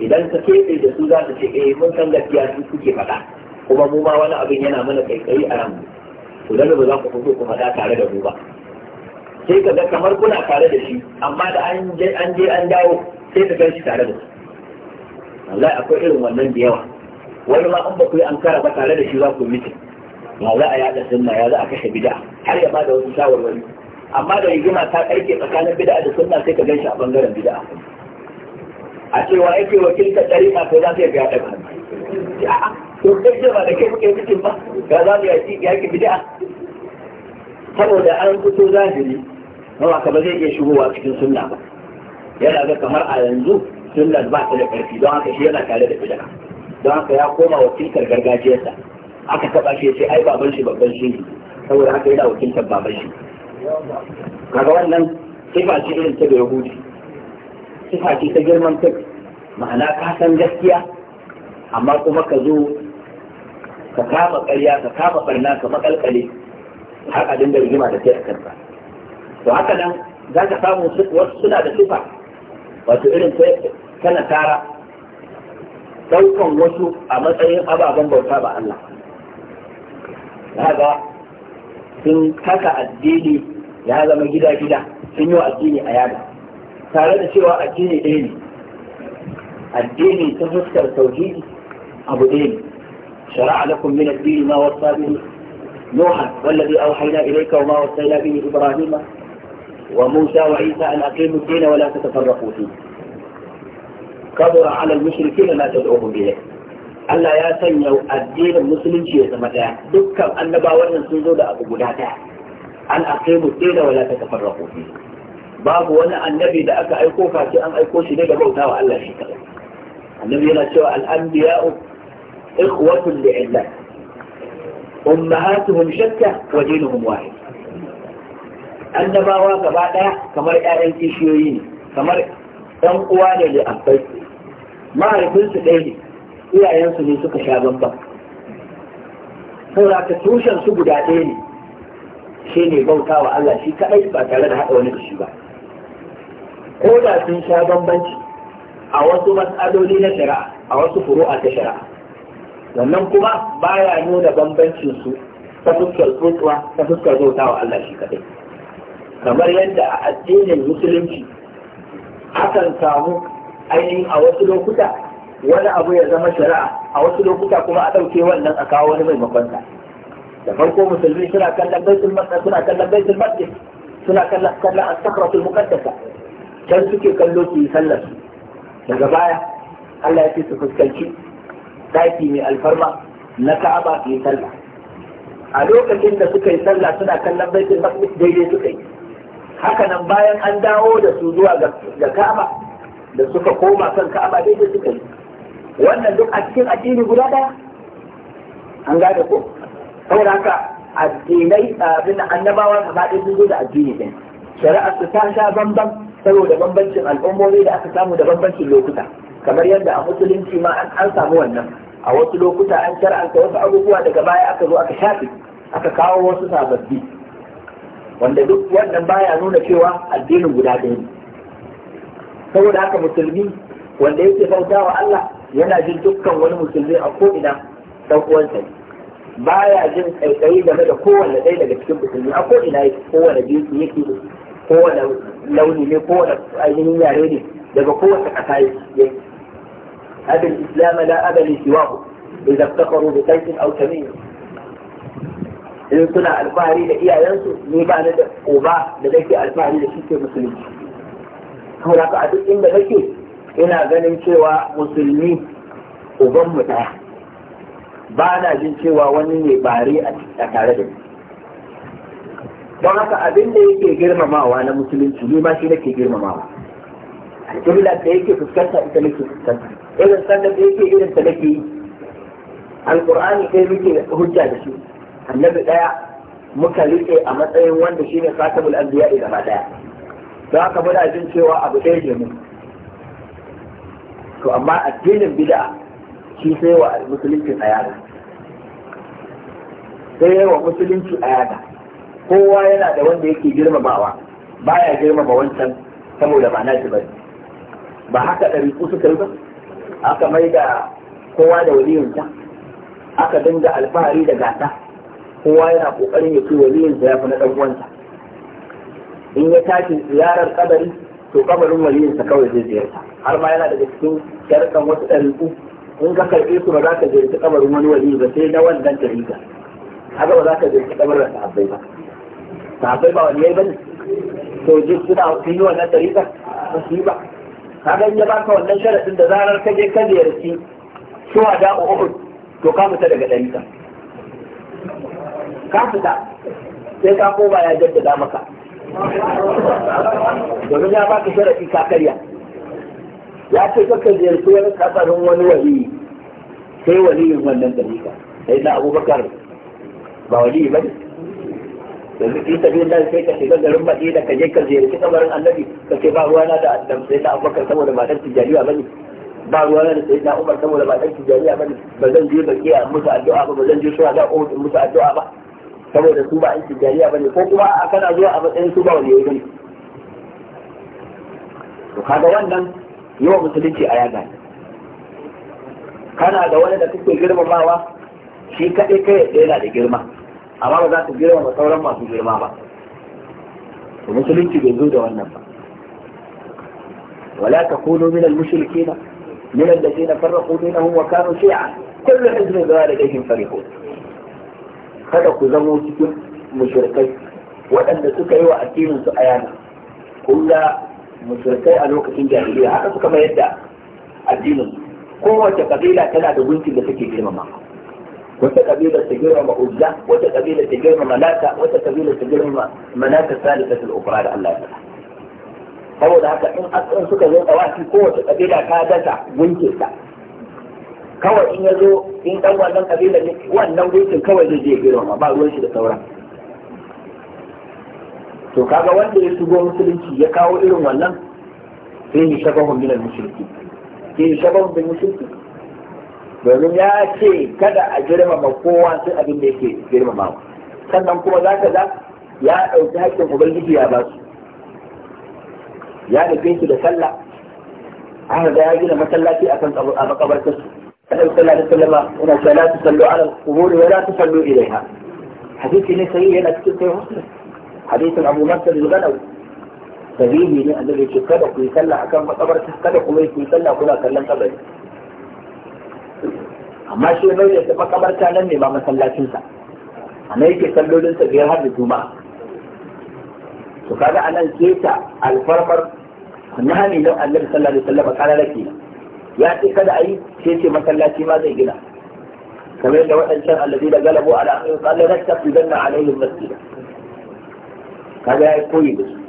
idan ka keɓe da su za su ce eh mun san gaskiya su kuke faɗa kuma mu ma wani abin yana mana kaikayi a ranmu to dan ba za ku fito ku faɗa tare da mu ba sai ka ga kamar kuna tare da shi amma da an je an je an dawo sai ka gan shi tare da su wallahi akwai irin wannan da yawa wani ma an ba ku yi an kara ba tare da shi za ku mutu ya za a yaɗa sunna ya za a kashe bid'a har ya ba da wasu shawarwari amma da rigima ta karke tsakanin bid'a da sunna sai ka gan shi a bangaren bid'a a cewa yake wakilta ma ko za ka yi biya to kai ce ba da kai muke cikin ba ga za mu yaki yaki bid'a saboda an fito zahiri mawa ka ba zai iya shigowa cikin sunna ba yana ga kamar a yanzu sunna ba ta da ƙarfi don haka shi yana tare da bid'a don haka ya koma wakiltar gargajiyarsa aka taɓa shi ya ce ai baban shi babban shi saboda haka yana wakiltar baban shi kaga wannan sifa ce irin ta da yahudi sifa ce ta girman ta ma'ana ka san gaskiya amma kuma ka zo ka kama karya, ka kama barna ka makalkale har a da rigima da kai a kansa to haka nan za ka samu wasu suna da sifa wato irin ta tara ɗaukan wasu a matsayin ababen bauta ba Allah. Haka sun kaka addini ya zama gida-gida sun yi wa addini a yada tare da cewa addini ɗaya ne addini ta fuskar tauhidi abu ɗaya ne shara'a lakum min addini ma wasa bihi نوحا والذي أوحينا إليك وما وصينا به إبراهيم وموسى وعيسى أن أقيموا الدين ولا تتفرقوا فيه كبر على المشركين ما تدعوهم إليه Allah ya sanya addinin musulunci ya zama daya dukkan annabawan nan sun zo da abu guda daya an aqimu dina wala tatafarraqu fi babu wani annabi da aka aiko face an aiko shi ne da bautawa Allah shi kadai annabi yana cewa al-anbiya'u ikhwatun li'illah ummahatuhum shatta wa dinuhum wahid annabawa gaba daya kamar ƴaƴan kishiyoyi ne kamar ɗan uwa ne da abbai mahaifinsu ɗaya ne iyayensu ne suka sha bambam saboda ka tushen su guda ɗaya ne shi ne bauta wa Allah shi kaɗai ba tare da haɗa wani da shi ba ko da sun sha bambanci a wasu matsaloli na shari'a a wasu furu'a ta shari'a wannan kuma baya nuna bambancin su ta fuskar tsotsuwa ta fuskar bauta wa Allah shi kaɗai kamar yadda a addinin musulunci akan samu ainihin a wasu lokuta wani abu ya zama shari'a a wasu lokuta kuma a ɗauke wannan a kawo wani mai makonta da farko musulmi suna kallon baitul maqdis suna kallon baitul maqdis suna kallon kallon as-sakratul muqaddasa can suke kallo su yi sallar daga baya Allah ya ce su fuskanci daki mai alfarma na Ka'aba su yi sallah a lokacin da suka yi sallah suna kallon baitul maqdis daidai suka yi Hakanan bayan an dawo da su zuwa ga Ka'aba da suka koma kan Ka'aba daidai suka yi wannan duk a cikin addini guda ɗaya an gane ko saboda haka addinai abin annabawa gaba ɗaya sun zo da addini ɗin shari'ar su ta sha bambam saboda bambancin al'ummomi da aka samu da bambancin lokuta kamar yadda a musulunci ma an samu wannan a wasu lokuta an shar'anta wasu abubuwa daga baya aka zo aka shafe aka kawo wasu sababbi wanda duk wannan baya nuna cewa addinin guda ɗaya ne saboda haka musulmi wanda yake bauta wa Allah yana jin dukkan wani musulmi a ko ko'ina dan uwansa ne baya jin kaikayi game da kowanne ɗaya daga cikin musulmi a ko ina yake kowanne jinsi yake kowanne launi ne kowanne ainihin yare ne daga kowace ƙasa yake أبي الإسلام لا أبا لسواه إذا افتخروا بقيس أو سمين in suna alfahari da iyayensu ni ba ni da uba da nake alfahari da shi ke musulunci saboda ka a duk inda nake ina ganin cewa musulmi uban mu ɗaya ba na jin cewa wani ne Bari a tare da ni don haka abin da yake girmamawa na musulunci ni ma shi nake girmamawa alƙibla da yake fuskanta ita nake fuskanta irin sannan da yake irin ta nake yi alƙur'ani kai muke hujja da shi annabi ɗaya muka riƙe a matsayin wanda shine khatamul anbiya gaba ɗaya don haka muna jin cewa abu ɗaya ne mu to amma addinin bid'a shi sai wa musulunci tsayana sai wa musulunci tsayana kowa yana da wanda yake girmamawa baya girmama wancan saboda ba nashi bane ba haka ɗari kusa yi ba aka mai da kowa da waliyinsa aka dinga alfahari da gata kowa yana ƙoƙarin ya ce waliyinsa ya fi na ɗan uwansa in ya tashi ziyarar ƙadari to kabarin sa kawai zai ziyarta har ma yana daga cikin sharkan wasu uku. in ka karɓe su ba za ka ziyarci kabarin wani wali ba sai na wannan jarida haka ba za ka ziyarci kabarin sahabbai ba sahabbai ba waliyai ba ne to duk suna sun yi wannan jarida ba su yi ba kaga in ya baka wannan sharaɗin da zarar ka je ka ziyarci suwa da uhud to ka fita daga ɗarika ka fita sai ka koma ya jaddada maka domin ya baka sharaɗi ka karya ya ce kaka ziyarci wani kasarin wani wali sai waliyin wannan dalika sai na abubakar ba wali ba ne yanzu in tafi na sai ka shiga garin da ka je ka ziyarci kamarin annabi ka ce ba ruwana da annabi sai na abubakar saboda matar tijjaniya ba ne ba ruwana da sai na umar saboda matar tijjaniya ba ne ba zan je a musu addu'a ba ba zan je suwa da umar musu addu'a ba saboda su ba aiki jariya bane ko kuma a kana zuwa a matsayin su ba wani yayi bane to kaga wannan yawa musulunci a yaga kana da wani da kake girmamawa shi kaɗai kai da yana da girma amma ba za ka girmama sauran masu girma ba to musulunci bai zo da wannan ba ولا تكونوا من المشركين من الذين فرقوا دينهم وكانوا شيعا كل حزب بوالديهم فرحون kada ku zamo cikin mushrikai waɗanda suka yi wa addinin su ayana kun ga mushrikai a lokacin jahiliya haka suka mayar da addinin kowace kabila tana da gunkin da take girmama wata kabila ta girmama uzza wata kabila ta girmama lata wata kabila ta girmama manata salisatul ukra da Allah ya faɗa saboda haka in akan suka zo tsawaki kowace kabila ta dasa gunkin kawai in ya zo in dan wannan kabilar ne wannan gunkin kawai zai je girma ba ruwan shi da sauran to kaga wanda ya shigo musulunci ya kawo irin wannan sai ya shaba min al-mushriki sai ya shaba bil mushriki domin ya ce kada a girmama kowa sai abin da yake girmamawa sannan kuma za ka za ya ɗauki haƙƙin ubangiji ya ba su ya nufe su da sallah aka ga ya gina masallaci a kan makabartarsu النبي صلى الله عليه وسلم هناك لا تصلوا على القبور ولا تصلوا إليها حديث ليس هي لا تصلوا حديث أبو مسل الغلو فيه الذي تصدق ويصلى كم مقبرة تصدق ويصلى كلها كلام قبل أما شيء ما يصلى مقبرة على النبي ما صلى تنسى أنا يجي صلوا لنسى غيرها بالجمعة فقال أنا الكيسة الفرفر نهني لو أن النبي صلى الله عليه وسلم قال لك ya ce kada a yi sai ce masallaci ma zai gina kamar yadda waɗancan allazi da galabu ala amrin qala la tafidanna alaihim masjid kaga ya koyi da su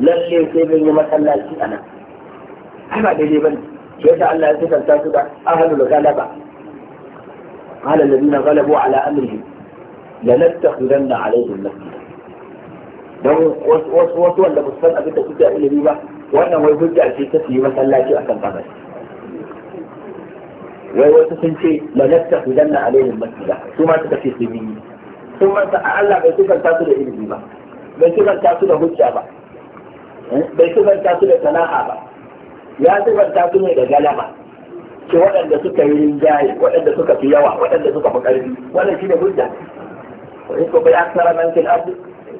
lalle sai mun yi masallaci anan ana daidai ba shi yasa Allah ya sifanta su da ahlul galaba قال الذين غلبوا على امرهم لنتخذن عليهم مسجدا don wasu wasu wanda musamman abin da suke a ilimi ba wannan wai hujja ce ta yi masallaci akan kan kamar wai wasu sun ce la nafta idan alaihim masjida su ma suka ce sun yi sun manta Allah bai sukanta su da ilimi ba bai sukanta su da hujja ba bai sukanta su da sana'a ba ya sukanta su ne da galaba ce waɗanda suka yi rinjaye waɗanda suka fi yawa waɗanda suka fi ƙarfi wannan shi ne hujja wa in kuma aksara man fil ardi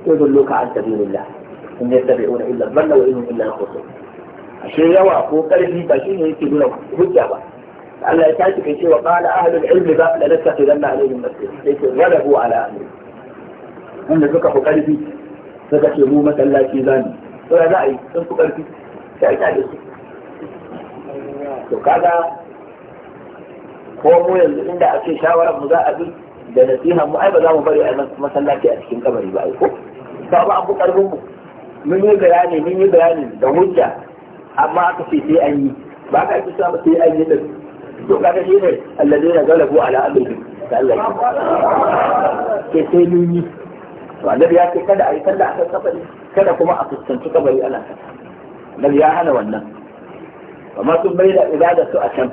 yudulluka an sabilillah in yattabi'una illa dhanna wa innahum illa yakhrusun ashe yawa ko ƙarfi ba shi ne yake nuna hujja ba Allah ya tashi kai cewa qala ahlul ilmi ba la nattaqidanna alaihim masjid yake galabu ala ahli wanda suka fi karfi suka ce mu masallaci zamu to ya za a yi sun fi karfi sai ta da su to kaga ko mu yanzu inda a ce shawarar mu za a bi da nasiha mu ai ba za mu bari a masallaci a cikin kabari ba ai ko ba ba an fi karfin mu mun yi bayani mun yi bayani da hujja amma aka ce sai an yi ba ka ake samu sai an yi din to kaga shi ne alladina galabu ala amrihim da Allah ke sai mun yi to annabi ya ce kada a yi sallah akan kabari kada kuma a fuskanci kabari ana sallah annabi ya hana wannan amma sun bai da ibada su a can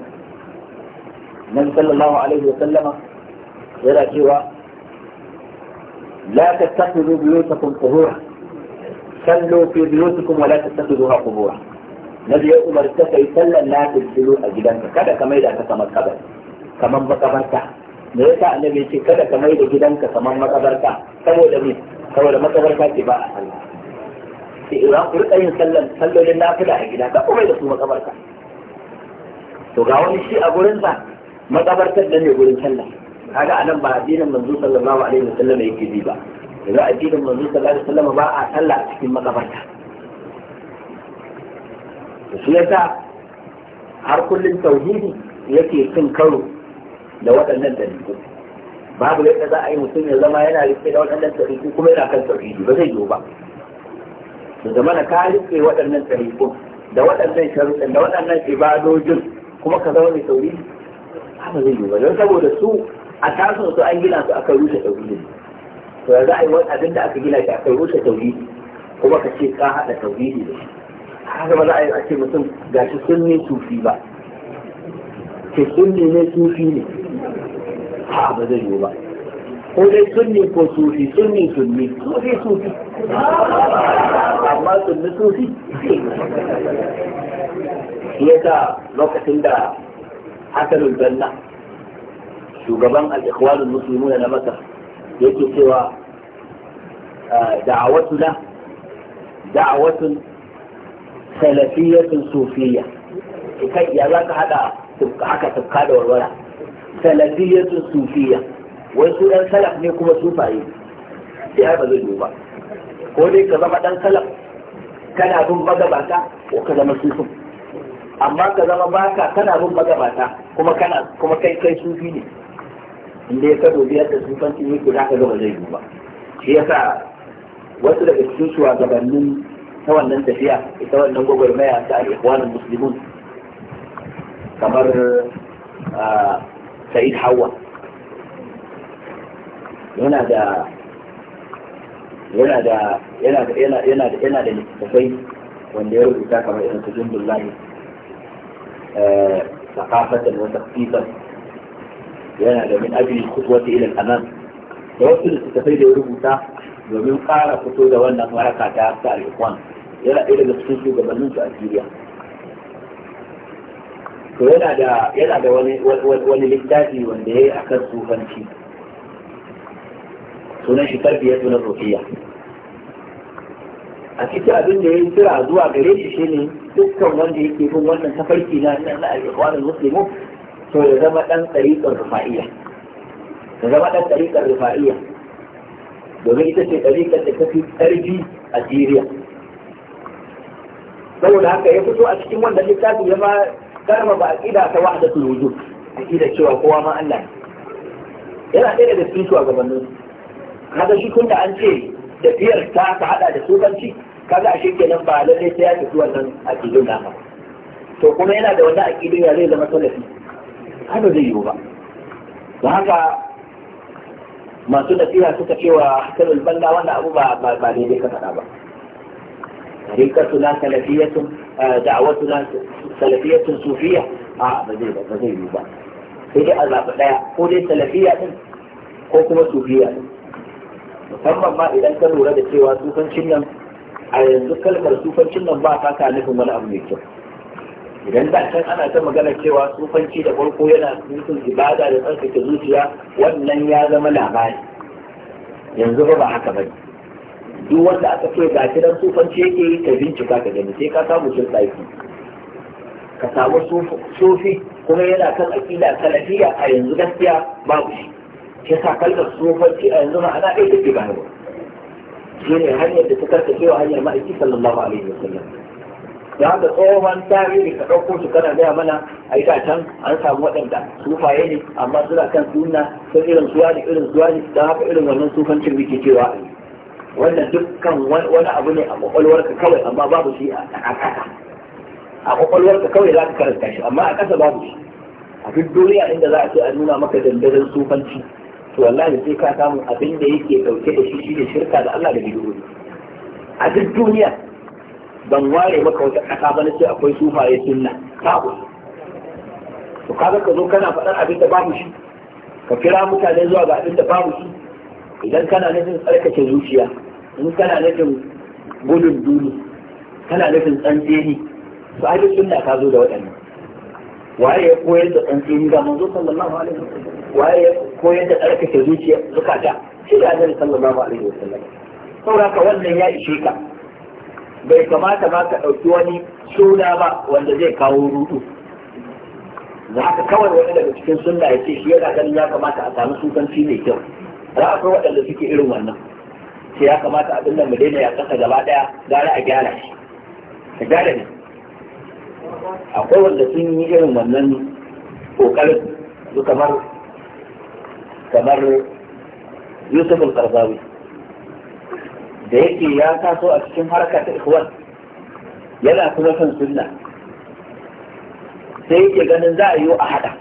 nan sallallahu alaihi wa sallama yana cewa لا تتخذوا بيوتكم قبورا صلوا في بيوتكم ولا تتخذوها قبورا na biyu ta kai sallan lafil shiru a gidanka kada ka maida ka kamar kabar kamar makabarta me yasa annabi ya ce kada ka maida gidanka kamar makabarta saboda me saboda makabarta ce ba a sallah sai ira ku rika yin sallan sallolin nafila a gida ka kuma da su makabarta to ga wani shi a gurin sa makabartar da ne gurin sallah kaga anan ba addinin manzo sallallahu alaihi wasallam yake bi ba yanzu addinin manzo sallallahu alaihi wasallam ba a sallah a cikin makabarta shi yasa har kullum tauhidi yake cin karo da waɗannan ɗariƙu babu yadda za a yi mutum ya zama yana rike da waɗannan ɗariƙu kuma yana kan tauhidi ba zai yiwu ba da zama ka rike waɗannan ɗariƙu da waɗannan sharuɗin da waɗannan ibadojin kuma ka zama mai tauhidi ba zai yiwu ba don saboda su a tasun su an gina su aka rushe tauhidi to za a yi wani abin da aka gina shi aka rushe tauhidi kuma ka ce ka haɗa tauhidi da shi haka ba za a yi ake mutum gashi sunni sufi ba ke sunni ne sufi ne ha ba zai yiwu ba ko dai sunni ko sufi sunni sunni sufi sufi amma sunni sufi yasa lokacin da hasanul banna shugaban al-ikhwanul muslimuna na maka yake cewa ah, da'awatuna da'awatun salafiyatun sufiya kai ya za ka hada haka tukka da warwara salafiyatun sufiya wai su ɗan salaf ne kuma sufaye sai ai ba zai yiwu ba ko dai ka zama ɗan salaf kana bin magabata ko ka zama sufin amma ka zama baka kana bin magabata kuma kana kuma kai kai sufi ne inda ya kado biyar da sufanci ne ko za ka gaba zai yiwu ba shi yasa wasu daga cikin shugabannin سواء ننتهي فيها سواء ننقبر ماها سأل الاخوان المسلمون كمر سيد حوى هنا دا هنا دا هنا دا هنا دا هنا دا للتصفين واللي يرغي تاكا بإن تجن بالله ثقافة وتخطيطا هنا دا من أجل الخطوة إلى الأمام توصل التصفين يرغي تاكا domin ƙara fito da wannan waraka ta ta al'ikwan yana ɗaya daga cikin shugabannin su a Siriya to yana da yana da wani wani littafi wanda yayi akan sufanci sunan shi tarbiyatu na sofiya a cikin abin da yi kira zuwa gare shi shine dukkan wanda yake bin wannan tafarki na na al muslimu to ya zama dan ɗariƙar rufa'iyya ya zama dan tsariƙar rufa'iyya domin ita ce ɗariƙar da ta fi ƙarfi a Siriya. Saboda haka ya fito a cikin wanda littafin ya ma karma ba ƙida ta wa'ada su a ƙida cewa kowa ma Allah ne. Yana ɗaya daga cikin shugabannin kaga shi kun da an ce da biyar ta ka haɗa da sufanci kaga a shirke nan ba lallai sai ya tafi wannan aƙidun nama. To kuma yana da wannan aƙidun ya zai zama salafi. Haka zai yiwu ba. Don haka masu tafiya suka cewa hasanul banna wannan abu ba ba ne ka faɗa ba suna salafiyatun suna eh, salafiyatun sufiya a ba zai ba zai yi ba sai dai a zaɓi ɗaya ko dai salafiya ɗin ko kuma sufiya ɗin musamman ma idan ka lura da cewa sufancin nan a yanzu kalmar sufancin nan ba ta ka nufin wani abu mai kyau idan da can ana ta magana cewa tsufanci da farko yana tsufin ibada da tsarkake zuciya wannan ya zama labari yanzu ba haka bane duk wanda aka ce ga dan tsufanci yake yi ka bincika ka gani sai ka samu cin tsaki ka samu sufi kuma yana kan aƙida kalafiya a yanzu gaskiya babu shi shi sa kalmar tsufanci a yanzu ma'ana ɗaya take bayarwa shi ne hanyar da ta karkace wa hanyar ma'aiki sallallahu alaihi wasallam da haka tsohon tarihi ka ɗauko su kana gaya mana a yi can an samu waɗanda sufaye ne amma suna kan suna sun irin suwa ne irin suwa ne don haka irin wannan sufancin ke cewa wannan dukkan wani abu ne a ƙwaƙwalwarka kawai amma babu shi a ƙasa a ƙwaƙwalwarka kawai za ka karanta shi amma a ƙasa babu shi a duk duniya inda za a ce a nuna maka dandarin sufanci to wallahi sai ka samu abin da yake ɗauke da shi shi ne shirka da Allah da bidiyo a duk duniya ban ware maka wata ƙasa ba na ce akwai sufaye sunna babu to kaga ka zo kana faɗar abin da babu shi ka kira mutane zuwa ga abin da babu shi idan kana nufin tsarkake zuciya in kana nufin gudun duni kana nufin tsantseni to ahli sunna ka zo da waɗannan waye ya koyar da tsantseni ga manzo sallallahu alaihi wasallam waye ya koyar da tsarkake zuciya zukata shi da annabi sallallahu alaihi wasallam saboda ka wannan ya ishe ka bai kamata ba ka ɗauki wani suna ba wanda zai kawo rudu Za ka kawai wani daga cikin sunna ya ce shi yana ganin ya kamata a samu sukanci mai kyau za a kawai waɗanda suke irin wannan sai ya kamata abin da mu daina ya kasa gaba ɗaya gara a gyara shi a gyara ne akwai wanda sun yi irin wannan ƙoƙarin su kamar kamar Yusuf al da yake ya taso a cikin harka ta ikhwan yana kuma son sunna sai yake ganin za a yi a hada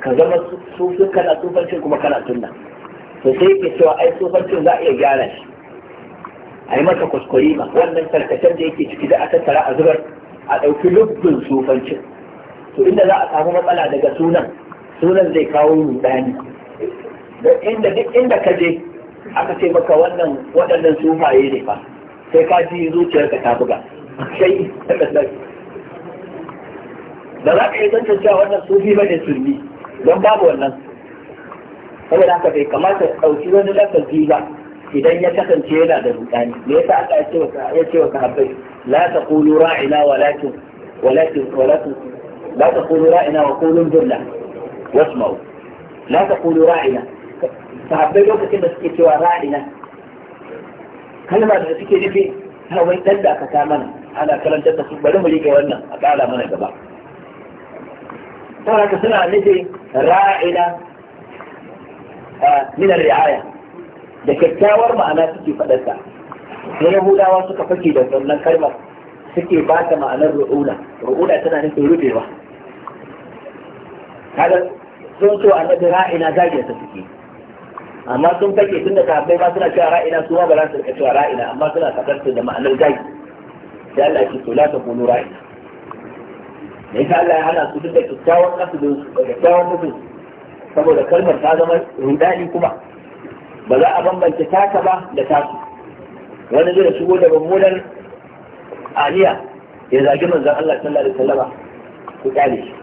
ka zama sufin kana sufancin kuma kana sunna to sai yake cewa ai sufancin za a iya gyara shi a yi masa kuskure ma wannan tarkacen da yake ciki da a tattara a zubar a ɗauki lubbin sufancin to inda za a samu matsala daga sunan sunan zai kawo rudani da inda duk inda ka je aka ce maka wannan waɗannan sufaye ne fa sai ka ji zuciyarka ta buga sai da za ka yi zancen cewa wannan sufi bane sunni don babu wannan saboda haka bai kamata ɗauki wani lafazi ba idan ya kasance yana da rudani me yasa aka ya ce wa sahabbai la taqulu ra'ina walakin walakin walakin la ra'ina wa qulu dunna wasma'u la taqulu ra'ina sahabbai lokacin da suke cewa ra'ina kalma da suke nufi ta wai dan da aka ta mana ana karantar da su bari mu rike wannan a ƙara mana gaba saboda suna nufi ra'ina min ri'aya da kyakkyawar ma'ana suke faɗarsa da yahudawa suka fake da wannan kalmar suke ba ta ma'anar ru'una ru'una tana nufin rubewa kada sun so annabi ra'ina zagiyarsa suke amma sun fake tun da sahabbai ma suna cewa ra'ina su ma ba za su rika cewa ra'ina amma suna faɗar da ma'anar gai sai Allah ya ce la ta kunu ra'ina da ita Allah ya hana su duk da kyakkyawan kasudin su da kyakkyawan mutum saboda kalmar ta zama rudani kuma ba za a bambance taka ba da tasu wani zai shigo da mummunan aliya ya zagi manzon Allah sallallahu alaihi wasallam ku kyale shi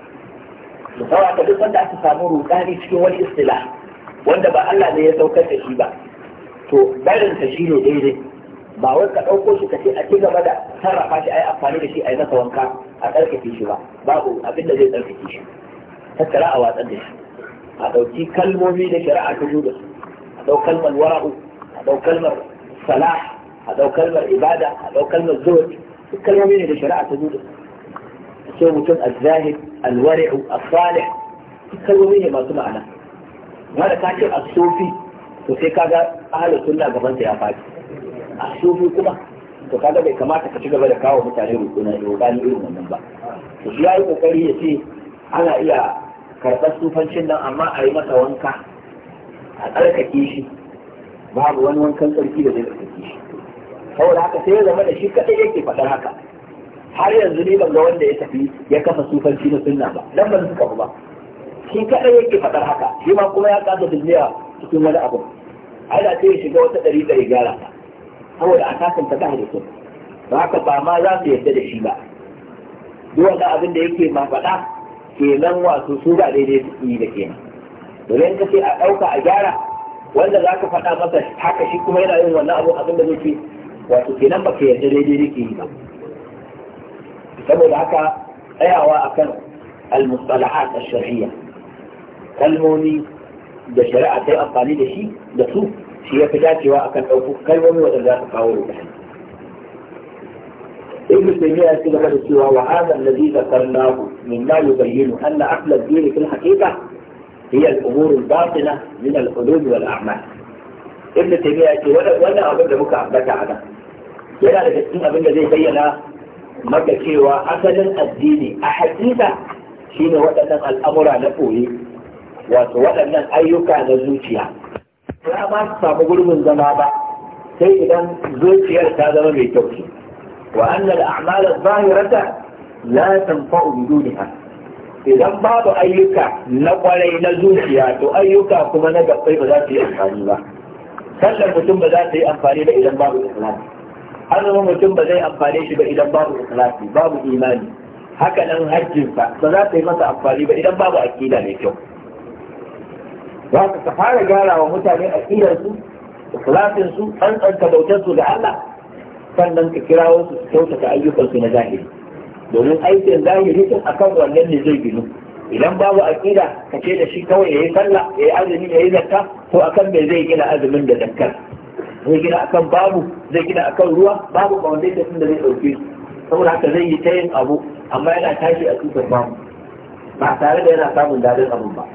da sawa duk wanda aka samu rudani cikin wani istilah wanda ba Allah ne ya saukar da shi ba to barin ta shi ne daidai ba wai ka ɗauko shi ka ce a ci gaba da sarrafa shi a yi amfani da shi a yi masa wanka a tsarkake shi ba babu abin da zai tsarkake shi tattara a watsar da shi a ɗauki kalmomi da shari'a ta zo su a ɗau kalmar wara'u a ɗau kalmar salah a ɗau kalmar ibada a ɗau kalmar zuwa duk kalmomi ne da shari'a ta zo da su sai mutum al-zahid al-wari'u duk kalmomi ne masu ma'ana wanda da ka ce a sufi to sai ka ga ahalin sunna gaban sa ya faɗi a sufi kuma to kaga bai kamata ka ci gaba da kawo mutane rukuna da ni irin wannan ba to shi yayi kokari ya ce ana iya karɓar sufancin nan amma a yi masa wanka a tsarkake shi babu wani wankan tsarki da zai tsarkake shi saboda haka sai ya zama da shi kadai yake faɗar haka har yanzu ni ban ga wanda ya tafi ya kafa sufanci na sunna ba dan ban suka ba shi kaɗai yake faɗar haka shi ma kuma ya kasa duniya cikin wani abu ai da sai ya shiga wata ɗari ɗari gyara. saboda a kasanta ta hadisin ba haka ba ma za su yarda da shi ba duk wanda abin da yake ma faɗa kenan wato su ba daidai su yi da kenan domin ka ce a ɗauka a gyara wanda za ka faɗa masa haka shi kuma yana yin wannan abu abin da zai ce wato kenan ba ka yarda daidai nake yi ba saboda haka tsayawa akan al-mustalahat ash kalmomi da shari'a ta yi amfani da shi da su shi ya fi dacewa akan ɗauko kalmomi waɗanda za su kawo rubutu ابن تيمية كده قال سوى وهذا الذي ذكرناه مما يبين أن أصل الدين في الحقيقة هي الأمور الباطنة من القلوب والأعمال. ابن تيمية ولا ولا أبدا بك أبدا على يلا لكتين أبدا زي بينا مكة سوى أصل الدين أحاديث شين وقتا الأمر على قوله wato waɗannan ayyuka na zuciya ba ma su samu gurbin zama ba sai idan zuciyar ta zama mai kyau wa annal a'mal zahirata la tanfa'u bidunha idan babu ayyuka na kwarai na zuciya to ayyuka kuma na gabbai ba za su yi amfani ba sallar mutum ba za ta yi amfani ba idan babu ikhlasi azumin mutum ba zai amfani shi ba idan babu ikhlasi babu imani haka nan hajjinsa ba za ta yi masa amfani ba idan babu aqida mai kyau za ka fara gyara wa mutane aƙidarsu ikhlasinsu tsantsanta bautarsu da Allah sannan ka kirawo su kyautata ayyukansu na zahiri domin aikin zahiri tun akan wannan ne zai ginu idan babu aƙida ka ce da shi kawai yayi sallah yayi azumi yayi zakka ko akan me zai gina azumin da zakkar zai gina akan babu zai gina akan ruwa babu ba wanda yake da zai dauke su saboda haka zai yi ta yin abu amma yana tashi a tutar babu ba tare da yana samun dadin abin ba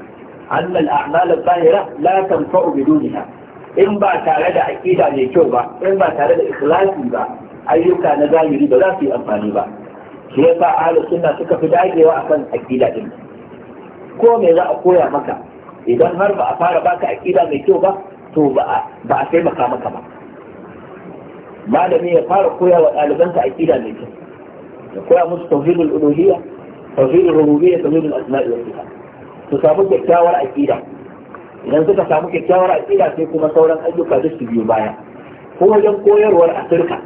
أن الأعمال الظاهرة لا تنفع بدونها إن با تارد عقيدة ليكو با إن با تارد إخلاصي با أيوكا نظاهري بلا في أماني با شيء أهل السنة سكف داجي وأكن عقيدة إن ko me za a koya maka idan har ba a fara baka aƙida mai kyau ba to ba a taimaka maka ba malami ya fara koya wa ɗalibansa aƙida mai kyau ya koya musu tauhidul uluhiyya tauhidul rububiyya tauhidul asma'i wa sifat su samu kyakkyawar aƙida idan suka samu kyakkyawar aƙida sai kuma sauran ayyuka duk su biyu baya ko wajen koyarwar asirka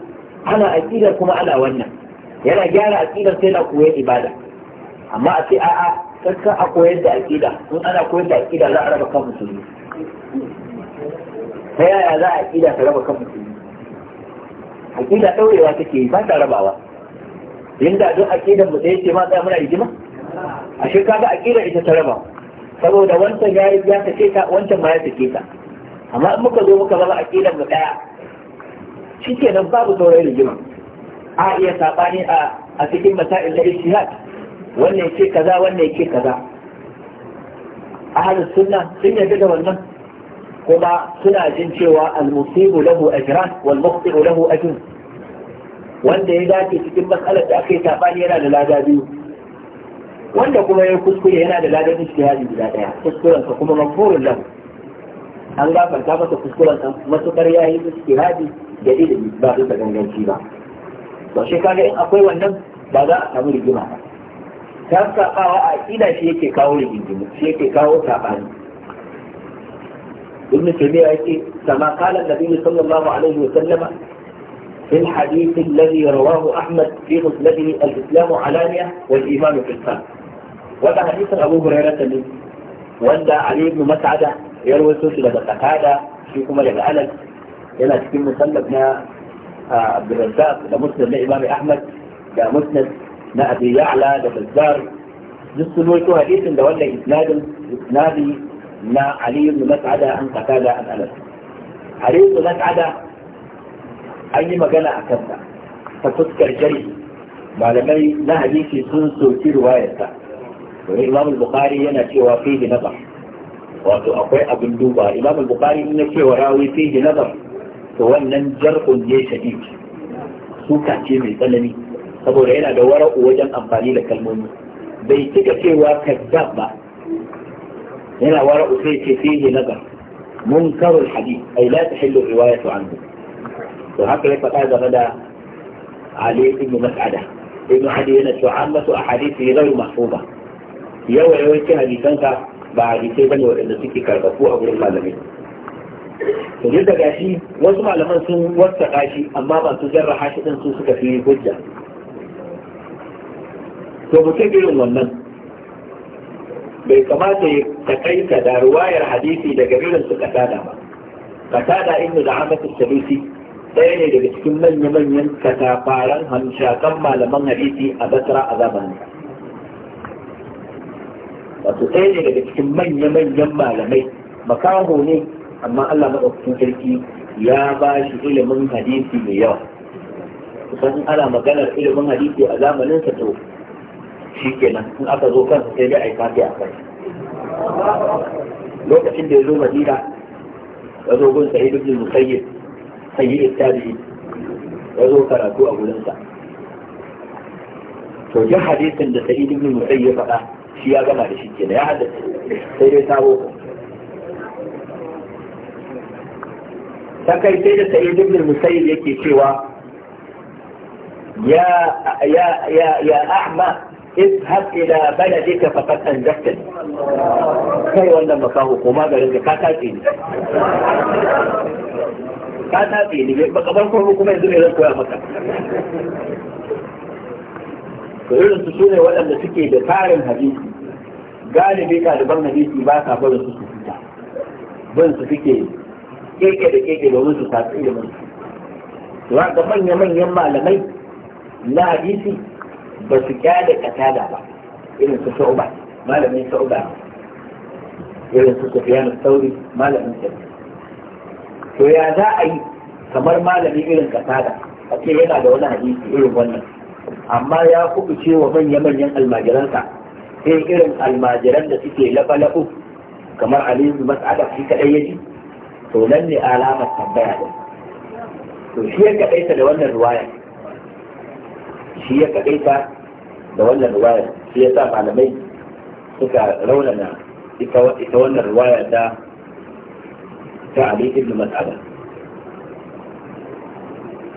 ana aƙidar kuma ana wannan yana gyara aƙidar sai na koyar ibada amma a ce a'a kakka a koyar da aƙida in ana koyar da aƙida za a raba kan musulmi ta yaya za a aƙida ta raba kan musulmi aƙida ɗaurewa take ba ta rabawa inda duk aƙidar mu ɗaya ce ma tsaya muna rigima ashe kaga aqida ita ta raba saboda wancan ya ya take ta wancan ma ya take ta amma in muka zo muka zama aqidar mu daya nan babu saurayi jima a iya saɓani a a cikin masail da ijtihad wannan ce kaza wannan ke kaza halin sunna sun yarda da wannan kuma suna jin cewa al-musibu lahu ajran wal mukhti'u lahu ajrun wanda ya dace cikin mas'alar da aka yi sabani yana da lada biyu wanda kuma ya kuskure yana da ladan ijtihadi guda daya kuskuren sa kuma mafurun lahu an gafarta masa kuskuren sa matukar yayi ijtihadi da ilimi ba da ganganci ba to shi kaga in akwai wannan ba za a samu rigima ba ta sabawa a ina shi yake kawo rigingimu shi yake kawo sabani ابن تيمية sama كما قال النبي صلى alaihi wa وسلم في الحديث الذي رواه أحمد في مسنده الإسلام علانية والإيمان في القلب wanda hadisin Abu Hurairah ne wanda Ali ibn Mas'ada ya rawaito shi daga Qatada shi kuma daga Anas yana cikin musallaf na Abdul da Muslim na Imam Ahmad da Musnad na Abi Ya'la da Bazzar duk sun rawaito hadisin da wannan isnadin isnadi na Ali ibn Mas'ada an Qatada an Anas Ali ibn Mas'ada an yi magana a kansa ta fuskar jari malamai na hadisi sun soki ruwayarsa domin imam al-bukhari yana cewa fihi nazar wato akwai abin duba imam al-bukhari yana cewa ce wa rawi fihi nazar to wannan jarhun ne shadid suka ce mai tsanani saboda yana da wara'u wajen amfani da kalmomi bai cika cewa kazzab ba yana wara'u sai ce fihi nazar munkarul hadith ay la tahillu riwayatu anhu to haka ya faɗa game da Ali ibn Mas'ada ibn Hadi yana cewa amma su ahadisi ghayr mahfuba yawa yawancin hadisansa ba hadisai bane waɗanda suke karɓaku a gurin malamai to duk da gashi wasu malaman sun wasaƙa shi amma ba su jarraha shi ɗin su suka fi hujja to mutum irin wannan bai kamata ya takaita da ruwayar hadisi daga irin su kasada ba kasada inda da hamadu salusi ɗaya ne daga cikin manya-manyan katafaran hamshakan malaman hadisi a basra a zamanin wato ɗaya ne daga cikin manya-manyan malamai makaho ne amma Allah maɗaukakin sarki ya ba shi ilimin hadisi mai yawa kusan ana maganar ilimin hadisi a zamanin sa to shi kenan in aka zo kansa sai dai a yi kafi a kai lokacin da ya zo madina ya zo gun sa ibn musayyib sayyid tabi'i ya zo karatu a sa to ji hadisin da sayyid ibn musayyib faɗa shi ya gama da shi ke ya haddace sai dai sabo ta kai sai da sa'id ibn musayyib yake cewa ya ya ya ya ahma اذهب الى بلدك فقد انجبتني kai wannan makaho ko maganin ka ka tafi ne ka tafi ne ba kamar kuma kuma yanzu ne zan koya maka to irin su sune waɗanda suke da tarin hadisi galibi na hadisi ba sa barin su su fita ban su fike keke da keke domin su tsaye ilimin su to haka manya-manyan malamai na hadisi ba su kyale katada ba irin su sa'uba malamin sa'uba irin su sufiyanu sauri malamin sauri to ya za a yi kamar malami irin katada a ce yana da wani hadisi irin wannan amma ya kuɓuce wa manya-manyan almajiransa sai irin almajiran da suke lafa lafu kamar aliyu mas'ada shi kaɗai ya ji to nan ne alamar tambaya ɗin to shi ya kaɗaita da wannan ruwaya shi ya kaɗaita da wannan ruwaya shi ya sa malamai suka raunana ita wannan ruwaya da ta Ali ibn Mas'ala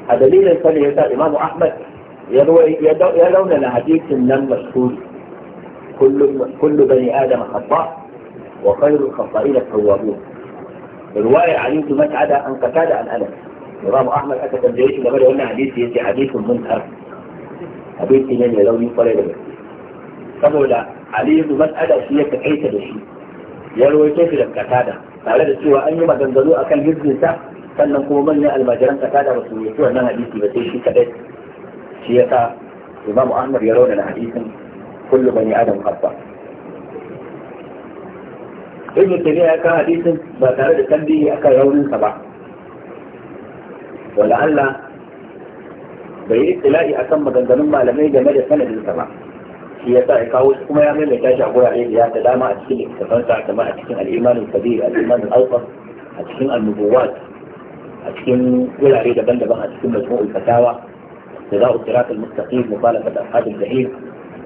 a dalilin sa ne ya sa Imam Ahmad ya raunana hadisin nan mashhuri كل كل بني ادم خطاء وخير الخطائين التوابون الروايه عن بن مسعد ان قتاده عن انس الامام احمد اتى الجيش لما قلنا حديث يأتي حديث منكر حديث من لو يقال له قالوا لا علي بن مسعد في كيف بشيء. يروي كيف القتاده قال لك سوى ان يمدن ذو اكل جزنسه sannan kuma manya almajiran ta kada ba su yi wannan hadisi ba sai shi kadai shi ya sa كل بني آدم خطأ ابن التنية كان حديث ما ترد تنبيه أكا يوم سبع ولعل بيت تلاقي أكم مدندن ما لم يجي مدى سنة سبع. هي يتا إقاوس كما يعمل لك يا قرى عيد يا تدامى أتكين اكتفنت كما أتكين الإيمان الكبير الإيمان الاوسط أتكين النبوات أتكين قرى عيد بندبا أتكين مجموع الفتاوى تداو التراث المستقيم مخالفة اصحاب الزهيد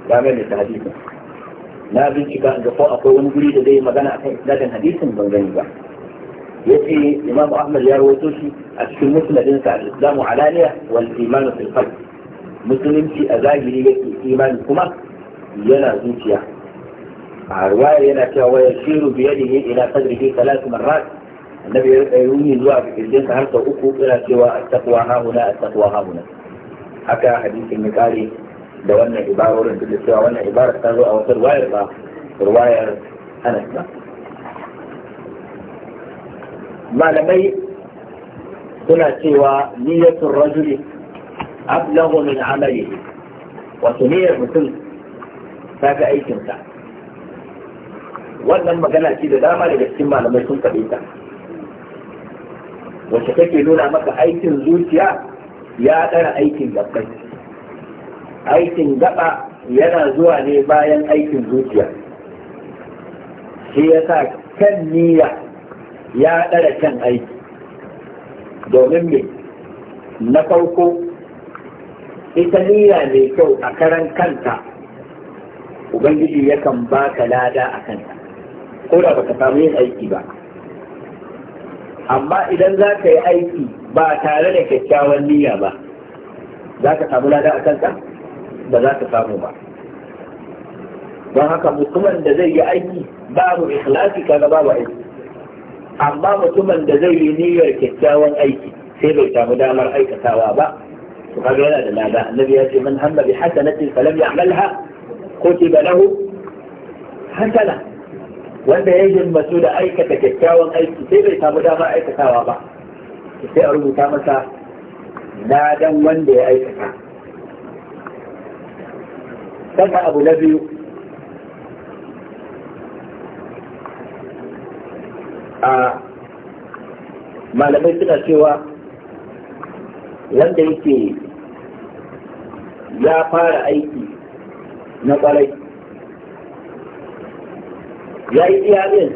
ya mai ta hadisin na bincika da ko akwai wani guri da zai magana akan isnadin hadisin ban gani ba yace imam ahmad ya rawaito shi a cikin musnadin sa al-islamu alaniya wal iman fil qalb musulunci a zahiri yake imani kuma yana zuciya a ruwaya yana cewa waya shiru biyadihi ila sadrihi thalath marrat annabi ya rika yuni zuwa ga kirjinsa har sau uku yana cewa at-taqwa ha huna at-taqwa ha huna haka hadisin ya kare da wannan ibarorin duk da cewa wannan ibarar ta zo a wata ruwayar ba ruwayar anas ba malamai suna cewa niyyatul rajuli ablagu min amalihi wato niyyar mutum ta ga aikinsa wannan magana ce da dama daga cikin malamai sun faɗi ta wacce take nuna maka aikin zuciya ya ɗara aikin gabbai aikin gaba yana zuwa ne bayan aikin zuciya shi sa kan niyya ya ɗara kan aiki domin me na farko ita niyya mai kyau a karan kanta ubangiji yakan baka lada a kanta ko da baka samu yin aiki ba amma idan za ka yi aiki ba tare da kyakkyawan niyya ba za ka samu lada a kanta? ba za ta samu ba don haka mutumin da zai yi aiki babu ikhlasi kaga babu aiki amma mutumin da zai yi niyyar kyakkyawan aiki sai bai samu damar aikatawa ba to kaga yana da lada annabi ya ce man hamma bi hasanatin falam ya'malha kutiba lahu hasana wanda ya himmatu da aikata kyakkyawan aiki sai bai samu damar aikatawa ba sai a rubuta masa ladan wanda ya aikata sannan abu na biyu a malamai سوى cewa wanda yake ya fara aiki na kwarai ya yi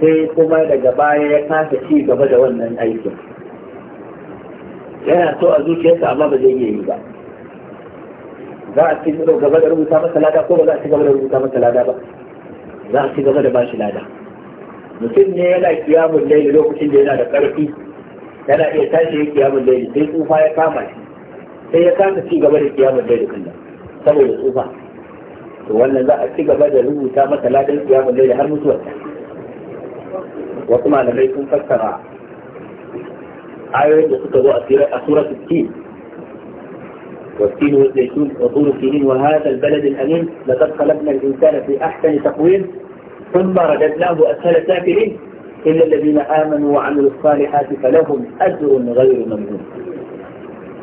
sai kuma daga baya ya kasa ci gaba da wannan aikin yana so a zuciyarsa amma ba zai iya yi ba za a ci gaba da rubuta masa lada ko ba za a ci gaba da rubuta masa lada ba za a ci gaba da bashi lada mutum ne yana kiyamun laili lokacin da yana da karfi yana iya tashi ya kiyamun laili sai tsufa ya kama shi sai ya kasa ci gaba da kiyamun laili kullum saboda tsufa to wannan za a ci gaba da rubuta masa ladan kiyamun laili har mutuwar wasu malamai sun fassara ayoyin da suka zo a surar 16 والتين والزيتون وطول السنين وهذا البلد الأمين لقد خلقنا الإنسان في أحسن تقويم ثم رددناه أسهل سافلين إلا الذين آمنوا وعملوا الصالحات فلهم أجر غير ممنون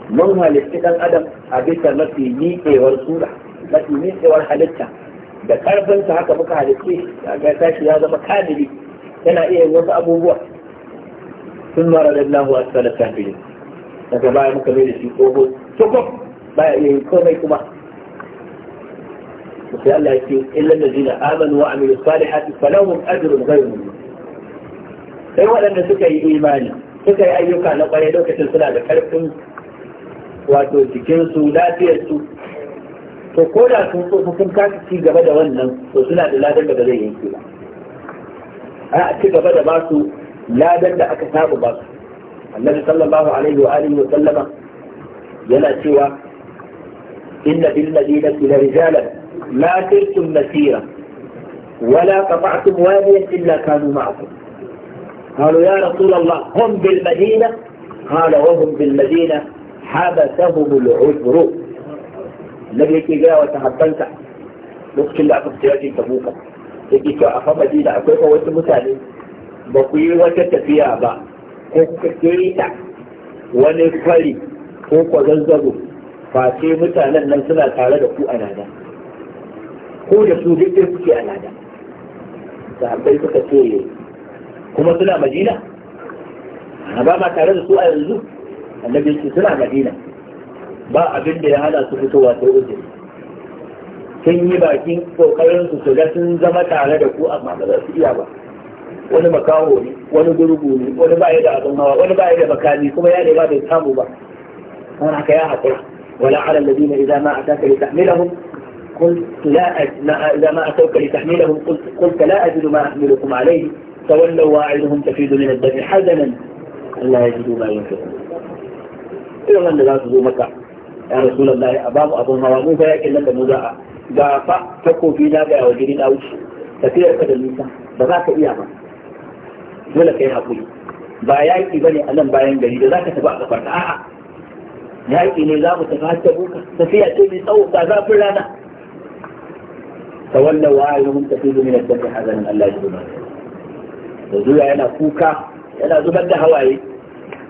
مرها لإستقال أدم عبدت مثل ميكي ورسولة مثل ميكي ورحلتها ذكر انت حتى بكى على الشيخ قال تاشي هذا مكادري كان إيه وضع أبو بوح ثم رددناه أسهل سافرين فتبعي كبير في أبو شكرا baya iya yin komai kuma sai Allah ya ce illal ladina amanu wa amilus salihati falahum ajrun ghayru mamnun sai wadanda suka yi imani suka yi ayyuka na ƙwarai lokacin suna da ƙarfin wato jikinsu lafiyarsu to ko da sun tsofa sun kasa ci gaba da wannan to suna da ladan da ba zai yanke ba a ci gaba da ba su ladan da aka saba ba su annabi sallallahu alaihi wa alihi wa sallama yana cewa إن بالمدينة لرجالا ما سرتم مسيرا ولا قطعتم واديا إلا كانوا معكم قالوا يا رسول الله هم بالمدينة قال وهم بالمدينة حبسهم العذر النبي كيجا وتحبنت لقد الله أعطب سياتي تبوكا لقد كأخا مدينة أكوكا وانت مثالي بقي وكت فيها با ونفري كوكا زنزبو face mutanen nan suna tare da ku a lada ko da su duk kuke a lada sahabbai suka ce kuma suna madina ba ma tare da su a yanzu annabi ce suna madina ba abin da ya hana su fitowa ta uzuri sun yi bakin kokarin su su ga sun zama tare da ku amma ba za su iya ba wani makaho ne wani gurgu ne wani ba ya da abin hawa wani ba ya da makami kuma ya ne ba bai samu ba wani haka ya haƙura ولا على الذين إذا ما أتاك لتحملهم قلت لا ما إذا ما أتوك لتحملهم قلت, قلت لا أجد ما أحملكم عليه تولوا واعدهم تفيد من الدم حزنا ألا يجدوا ما ينفقون إذا من لا تزو مكة يا رسول الله أباب أبو مرامو فيأكل لك مزاعة جافا تكو في نابع وجرين أوش تفير كده الميسا بذاك إياما ولك يا أبوي ba بني ألم a بني bayan تبعك فرد zaka آه، آه. yaƙi ne za mu tafi hatta buka tafiya ce mai tsawo ga zafin rana tawallau wa ayyuhum tafidu min al-dafi hazanan Allah ya zuba da zuwa yana kuka yana zubar da hawaye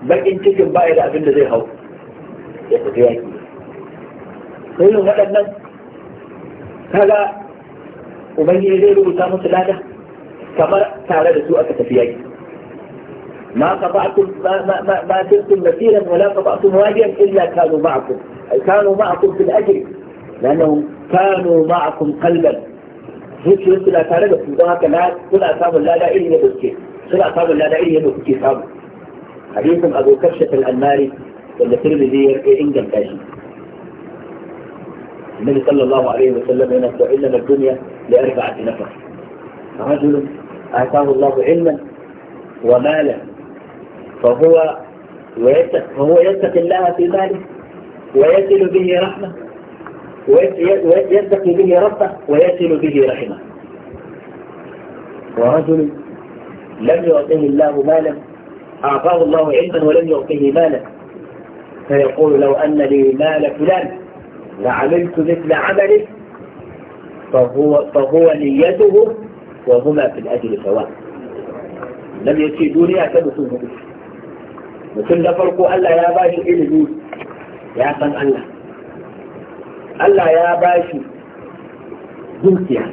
bakin cikin baya da abin da zai hau ya tafi yaƙi sai yin waɗannan kaga ubangiji zai rubuta musu lada kamar tare da su aka tafi yaƙi ما قطعتم ما ما ما مسيرا ولا قطعتم واديا الا كانوا معكم كانوا معكم في الاجر لانهم كانوا معكم قلبا هيك انت لا تعرف تقول هكا لا كل اصحاب لا دائري يبكي كل اصحاب لا دائري يبكي صعب حديثهم ابو كبشه الالماري ولا ترمذي انجل كاشي النبي صلى الله عليه وسلم هنا تعلم الدنيا لاربعه نفر رجل اتاه الله علما ومالا فهو وهو يتقي الله في ماله ويصل به رحمه ويتقي به ربه ويصل به رحمه ورجل لم يعطه الله مالا أعطاه الله علما ولم يعطه مالا فيقول لو أن لي مال فلان لعملت مثل عمله فهو, فهو نيته وهما في الأجل سواء لم يكيدوني أكدتهم به mutum da farko Allah ya ba shi ilimi ya san Allah Allah ya ba shi dukiya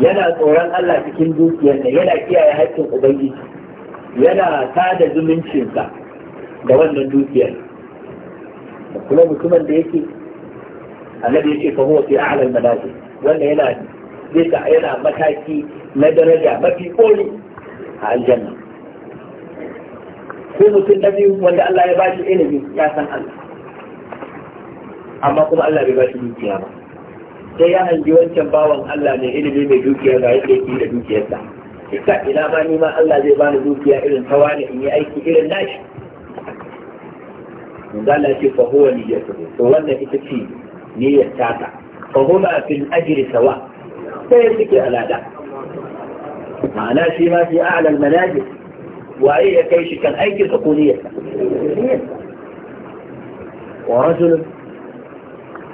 yana tsoron Allah cikin dukiyar dukiyarsa yana kiyaye haƙƙin ubangiji yana tada zumuncinsa da wannan dukiyar kuma mutumin da yake annabi yake fa fi a'la al-manazil wanda yana yana mataki na daraja mafi koli a aljanna sai mutum na biyu wanda Allah ya bashi ilimi ya san Allah amma kuma Allah bai bashi dukiya ba sai ya hangi wancan bawan Allah ne ilimi mai dukiya ga yake yake da dukiyarsa ita ina ma ni ma Allah zai bani dukiya irin ta in yi aiki irin nashi Allah ce fa huwa niyyatuhu to wannan ita ce niyyar taka fa huma fil ajri sawa sai suke alada ma'ana shi ma fi a'lal al manajis وأي كيش كان أي كيش aikin ورجل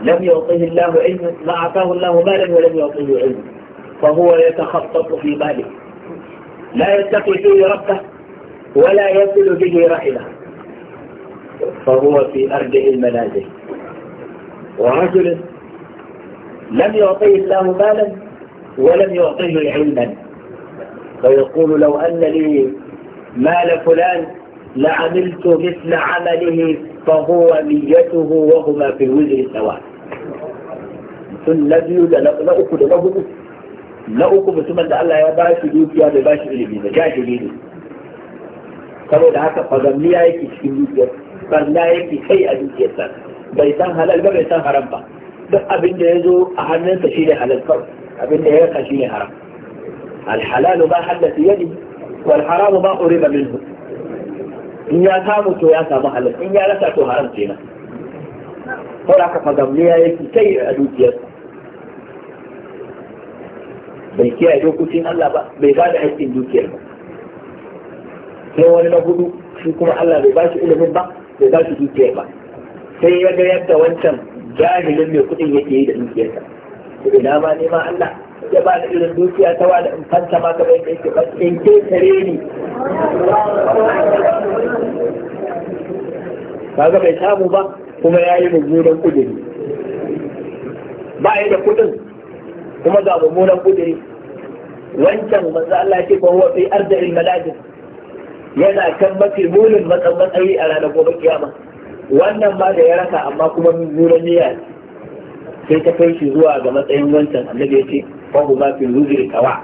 لم يعطه الله علما ما أعطاه الله مالا ولم يعطه علما فهو يتخطط في ماله لا يتقي فيه ربه ولا يصل به رحمه فهو في أرجع المنازل ورجل لم يعطيه الله مالا ولم يعطيه علما فيقول لو أن لي ما لفلان لعملت مثل عمله فهو نيته وهما في الوزر سواء الذي لا اكل لا اكل ثم ان الله يا باشي دوكيا لي اي كيسكين دوكيا بل لا يكي كي ادوكيا سان بيسان حلال بيسان حرام با بس ابن ده يزو احنا تشيري حلال فرق ابن ده يقشيني حرام الحلال ما في يجب والحرام ما قرب منه إن يتاموا تياسا محلا إن يلساتوا حرام تينا فلاك فضم لي يكي كي أدوك يس بيكي أدوك تين الله بيغاد حسين دوك يس سيوان نبودو شكما الله بيباش إلا من بق بيباش دوك يس سيوان يبتا وانسا جاهل من يقوتي يتيه دوك يس إنا ما نما الله ya ba da irin dukiya ta wada in fanta ma kamar yadda yake ba in ke tare ni kaga bai samu ba kuma ya yi mummunan kudiri ba ya da kudin kuma ga mummunan kudiri wancan manzo Allah ce fa huwa fi arda'il malajin yana kan mafi mulin matsan matsayi a ranar gobe kiyama wannan ma da ya rasa amma kuma mummunan niyya sai ta kai shi zuwa ga matsayin wancan annabi ya ce fa huma fi rujri kawa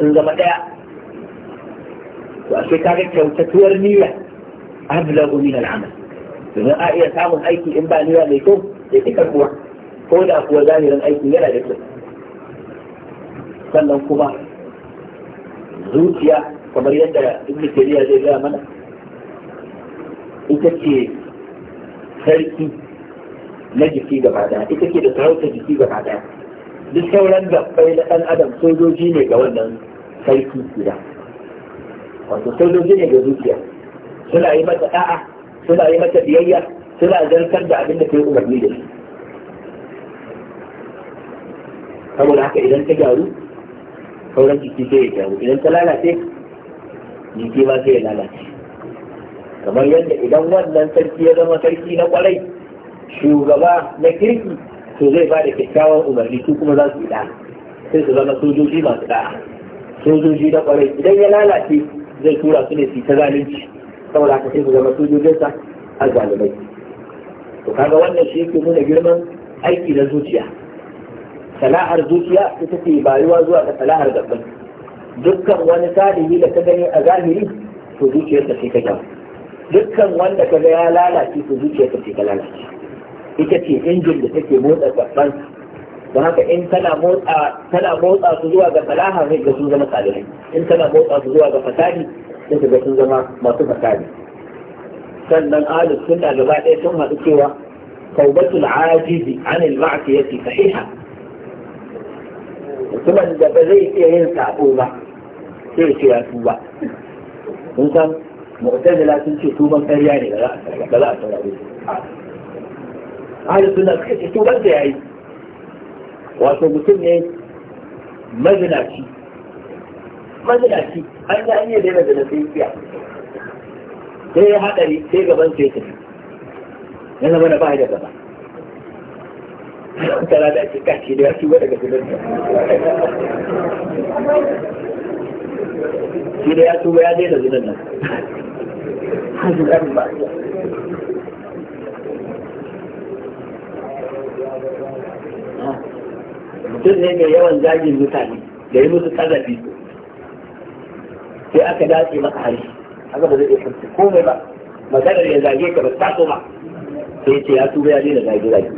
sun zama daya to ashe kaga kyautatuwar niyya ablagu min al'amal domin a iya samun aiki in ba niyya mai kyau ya fi karbuwa ko da kuwa zahirin aiki yana da kyau sannan kuma zuciya kamar yadda ibn tayyiya zai gaya mana ita ce sarki na jiki gaba daya ita ce da sarauta jiki gaba daya duk sauran gabbai na ɗan adam sojoji ne ga wannan sarki guda wato sojoji ne ga zuciya suna yi mata da'a suna yi mata biyayya suna zartar da abin da ta yi umarni da shi saboda haka idan ta gyaru sauran jiki sai ya gyaru idan ta lalace jiki ma sai ya lalace kamar yadda idan wannan sarki ya zama sarki na kwarai shugaba na kirki to zai ba da kyakkyawan umarni su kuma za su yi da'a sai su zama sojoji masu da'a sojoji na kwarai idan ya lalace zai tura su ne su ta zalunci saboda haka sai su zama sojojinsa a zalimai to kaga wannan shi yake nuna girman aiki na zuciya salahar zuciya ita ce bayuwa zuwa ga salahar gaban dukkan wani salihi da ka gani a zahiri to zuciyarsa ce ka gama dukkan wanda ka ga ya lalace to zuciyarsa ce ka lalace ita ce injin da take motsa gaban don haka in tana motsa tana motsa su zuwa ga salaha sai ga sun zama salihai in tana motsa su zuwa ga fasadi sai ga sun zama masu fasadi sannan alif sun da gaba ɗaya sun haɗu cewa taubatul ajizi anil ma'siyati sahiha mutumin da ba zai iya yin sabo ba sai ce ya tuba mun san mu'tazila sun ce tuban ƙarya ne ba za a tsara saurare ahalin suna suka ce tuban da yayi wato mutum ne mazinaci mazinaci an ga an yi daina da nasiya sai ya haɗari sai gaban sai tafi ya zama na bai da gaba (laughs) tana da ake kashi da ya shigo daga filin shi da ya tuba ya daina zinan nan (laughs) ba. mutum ne mai yawan zagin mutane da yi musu kazafi sai aka dace maka hari aka ba zai iya furta komai ba maganar ya zage ka ba ta ba sai ce ya tuba ya daina zage zage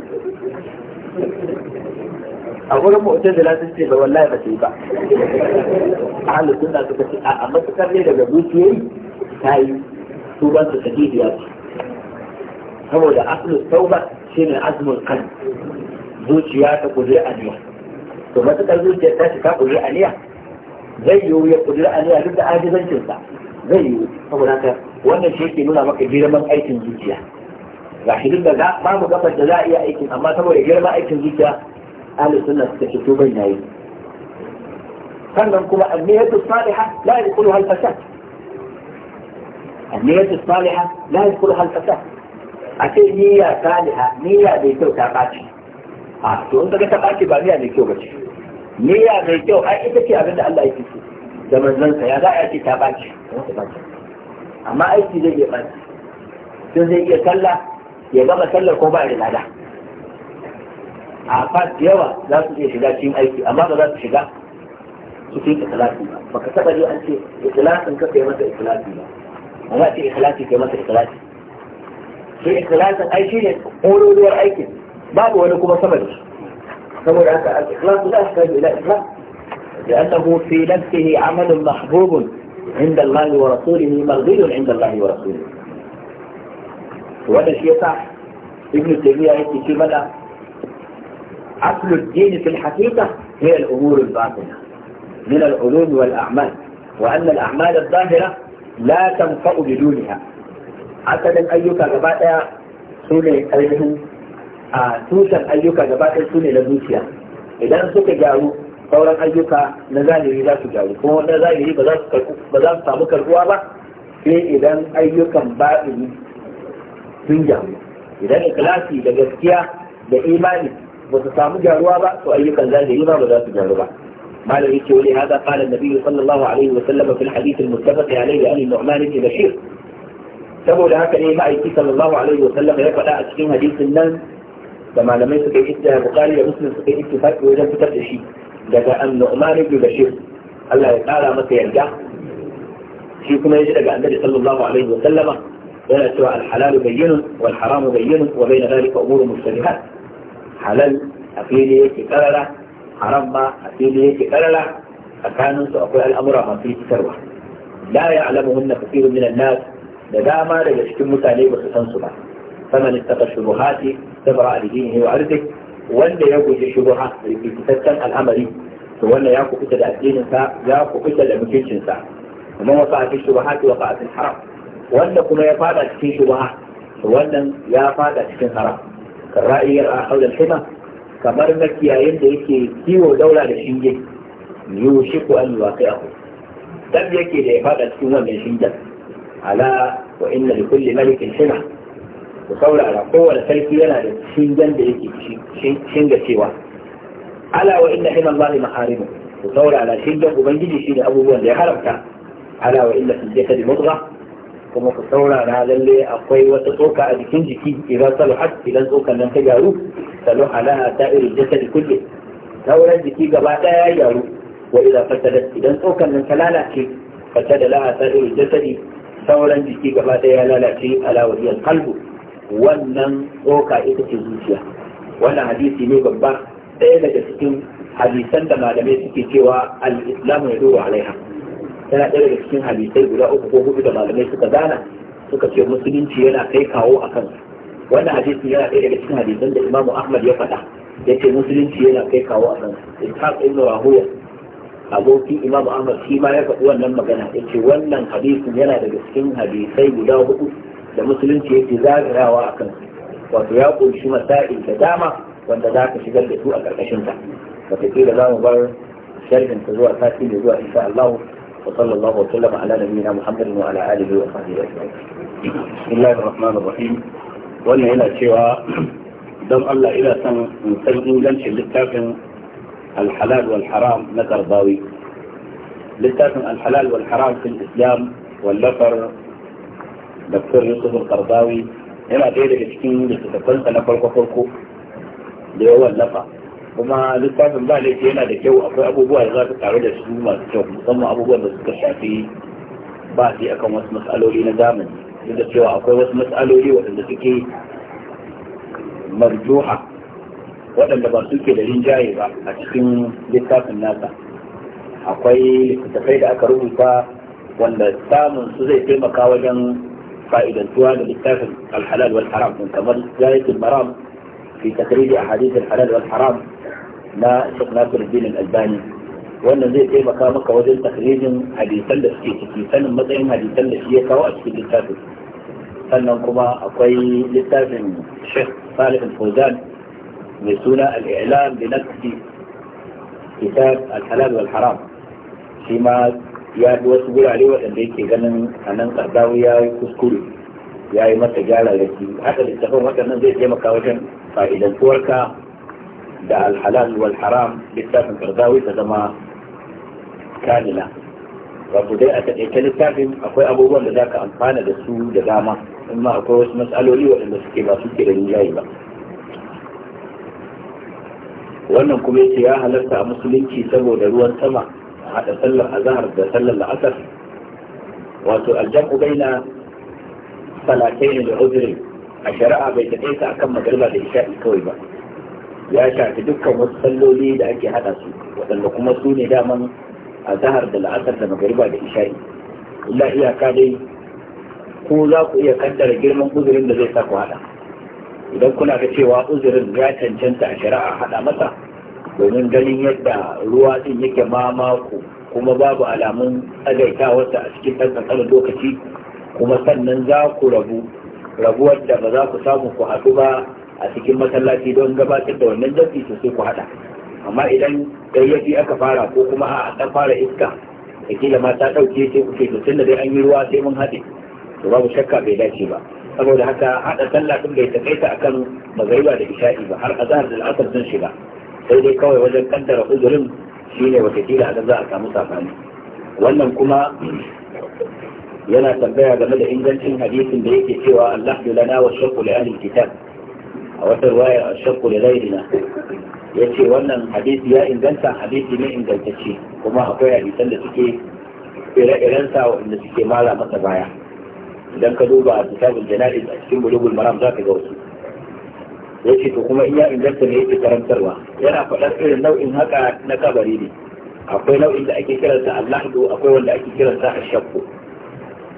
a wurin mutum da lasu ce ba wallahi ba sai ba a halittun da suka ce a matukar ne daga zuciyoyi ta yi tuban su sahihiya ba saboda asalin tauba shine mai azumin kan zuciya ta kudura aliya to matuƙar zuciya ta shi ta kudura aliya zai yiwu ya kudura aliya duk da ajizancinsa zai yiwu saboda ka wannan shi ke nuna maka girman aikin zuciya ga shi duk da ba mu gafar da za a iya aikin amma saboda girman aikin zuciya ahli sunna suka ce to ban yayi sannan kuma anniyatu salihah la yadkhuluha al-fasad anniyatu salihah la yadkhuluha al-fasad a ce niyya saliha niyya mai kyau ta ɓaci a to in kaga ta ɓaci ba niyya mai kyau ba ce niyya mai kyau ai ita ce abinda Allah ya so da manzansa ya za a ce ta ɓaci amma aiki zai iya ɓaci sun zai iya sallah ya gama sallar ko ba da lada a fat yawa za su iya shiga cikin aiki amma ba za su shiga su fi ikhlasi ba baka taɓa ji an ce ikhlasin ka kai masa ikhlasi ba amma ce ikhlasi kai masa ikhlasi shi ikhlasin ai shi ne ƙololuwar aikin babu wani kuma sama da shi saboda haka al-ikhlas la yahtaj ila ikhlas لأنه في نفسه عمل محبوب عند الله ورسوله مرضي عند الله ورسوله وهذا شيء صح ابن تيمية يأتي في مدى أصل الدين في الحقيقة هي الأمور الباطنة من العلوم والأعمال وأن الأعمال الظاهرة لا تنفع بدونها asalin ayyuka gaba ɗaya su ne ainihin a tushen ayyuka gaba ɗaya su ne na zuciya idan suka gyaru sauran ayyuka na zahiri za su gyaru kuma na zahiri ba za su samu karbuwa ba sai idan ayyukan ba'ini sun gyaru idan ikilasi da gaskiya da imani ba su samu gyaruwa ba to ayyukan zahiri ba ba za su gyaru ba malam yake wani hada qala annabi sallallahu alaihi wa sallam fil hadith al muttafaq alaihi an nu'man ibn bashir saboda haka ne ma'aiki sallallahu alaihi wa sallam ya faɗa a cikin hadisin nan da malamai suka yi da bukari da muslim suka yi ittifaqi wajen fitar da shi daga annu'man ibn bashir Allah ya kara masa yarda shi kuma yaji daga annabi sallallahu alaihi wa sallama yana cewa al-halal bayyinun wal haram bayyinun wa bayna dhalika umurun mushtabihat halal a fili yake karara haram ma a fili yake karara tsakaninsu akwai al'amura masu rikitarwa la ya'lamuhunna kathirun min an-nas da dama daga cikin mutane ba su san su ba faman ittaqa shubuhati tabra bi dinihi wa ardihi wanda ya guji shubuha rikitaccen al'amari to wanda ya kubuta da addinin sa ya kubuta da mutuncin sa kuma wasa fi shubuhati wa fa'a fil haram wanda kuma ya fada cikin shubuha to wannan ya fada cikin haram kan ra'iyar a haulal hima kamar makiyayin da yake kiwo daula da shinge yushiku an yuwaqi'ahu dan yake da ya fada cikin wannan shingen على وإن لكل ملك حمى وقول على قوة الفلكية لا شنجن بيك شنج على وإن حمى الله محارمه وقول على شنجة وبنجي شنج أبو بوان دي حرمك على وإن في الجسد مضغة كما قصرنا على هذا اللي أقوي وتطوك أدكنج كي إذا صلحت في لنزوك أن تجارو صلح لها سائر الجسد كله نورا جكي قبعتا يا يارو وإذا فسدت في لنزوك أن تلالك فسد لها سائر الجسد sauran jiki gaba ɗaya ya lalace ala waliyal qalbu wannan tsoka ita ce zuciya wannan hadisi ne babba ɗaya daga cikin hadisan da malamai suke cewa al-islam ya duba alaiha Yana ɗaya daga cikin hadisai guda uku ko hudu da malamai suka zana suka ce musulunci yana kai kawo a kansu wannan hadisi yana ɗaya daga cikin hadisan da imamu ahmad ya faɗa ya ce musulunci yana kai kawo a kansu ishaq ibn rahuya aboki imam ahmad shi ma ya faɗi wannan magana ya ce wannan hadisin yana daga cikin hadisai guda hudu da musulunci yake zagarawa a kan wato ya ƙunshi masa'il da dama wanda za ka shigar da su a ƙarƙashinta wataƙila za mu bar sharhin ta zuwa sati da zuwa insha Allah وصلى الله وسلم على نبينا محمد وعلى اله وصحبه اجمعين. بسم الله الرحمن الرحيم. وانا yana cewa don Allah ina son in san ingancin littafin الحلال والحرام نظر ضاوي لتاكم الحلال والحرام في الإسلام واللفر دكتور يوسف القرضاوي هنا غير الاشكين اللي تتقلت انا فرق فرق اللي هو اللفع وما لساتهم من بعد ليش هنا دكي وأقوى أبو بوها إذا كنت عرض الشموما دكي وصمع أبو بوها بس كشع فيه بعد يأكم واسمس ألو لي ابو إذا كي وأقوى واسمس ألو لي وإذا كي مرجوحة waɗanda ba suke da rinjaye ba a cikin littafin nasa akwai littattafai da aka rubuta wanda samun su zai taimaka wajen fa'idantuwa da littafin alhalal wal haram kamar zaitun maram fi takriri a hadisin halal wal haram na Sheikh Nasiruddin Albani wannan zai taimaka maka wajen takririn hadisan da suke ciki sanin matsayin hadisan da shi ya kawo a cikin littafin sannan kuma akwai littafin shek Salih al نزول الإعلام بنفس كتاب الحلال والحرام فيما يادوا سبول عليه وأن ديك يغنن أنن قرداو يا كسكولي يا إما تجالة التي حتى الاتفاق ما كان نزيد يما كاوشن فإذا الفوركا دا الحلال والحرام بالتافن قرداوي فزما كاملة وبدأ أتأكل التافن أخوي أبو بوان لذاك أنفانا دسو دقامة إما أخوي اسمس ألولي وإن نسكي ما سكي لنجايبا wannan kuma yace ya halarta a musulunci saboda ruwan sama a haɗa sallar azhar da sallar la'asar wato aljam'u baina salatayn da uzrin a shari'a bai taɓe ta akan magariba da isha'i kawai ba ya shafi dukkan wasu salloli da ake haɗa su waɗanda kuma su ne daman azhar da la'asar da magariba da isha'i illa iyaka dai ko za ku iya kaddara girman uzurin da zai sa ku haɗa idan kuna ga cewa uzurin ya cancanta a shari'a hada masa domin ganin yadda ruwa din yake mamaku, kuma babu alamun tsagaitawarsa a cikin ɗan ƙanƙanin lokaci kuma sannan za ku rabu rabuwar da ba za ku samu ku haɗu ba a cikin masallaci don gabatar da wannan jafi su sai ku haɗa amma idan ɗayyafi aka fara ko kuma a ɗan fara iska da kila ma ta ɗauke sai ku ce to da dai an yi ruwa sai mun haɗe to babu shakka bai dace ba saboda haka haɗa sallah din bai takaita akan magariba da isha'i ba har azhar da al'asr sun shiga sai dai kawai wajen kaddara uzurin shine wata kila a za a samu safani wannan kuma yana tambaya game da ingancin hadisin da yake cewa Allah lana wa shakku li ahli kitab a wata riwaya shakku li ghayrina yace wannan hadisi ya inganta hadisi ne ingantacce kuma akwai hadisan da suke ire-irensa wanda suke mala masa baya idan ka duba a kitabul jana'iz a cikin bulugul maram za ka ga wasu yace to kuma iya inganta ne yake karantarwa yana faɗar irin nau'in haka na kabari ne akwai nau'in da ake kiransa allahdu akwai wanda ake kiransa ashakku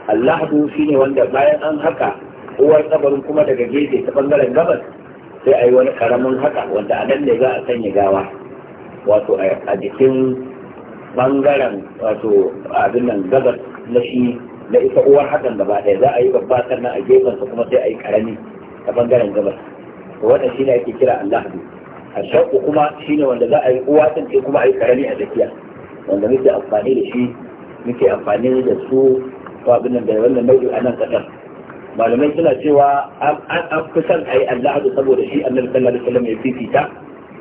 allahdu shine wanda bayan an haka uwar kabarin kuma daga gefe ta bangaren gabas sai a yi wani karamin haka wanda a nan ne za a sanya gawa wato a jikin bangaren wato abin nan gabas na shi na ita uwar hakan gaba ɗaya za a yi babba sannan a gefen sa kuma sai a yi karami ta bangaren gabas to wannan shine ake kira allahdu a shakku kuma shine wanda za a yi uwa din sai kuma a yi karami a tsakiya wanda muke amfani da shi muke amfani da su ko abin da wannan nau'i a nan kasar malamai suna cewa an fi son a yi allahdu saboda shi annabi sallallahu alaihi wasallam ya fifita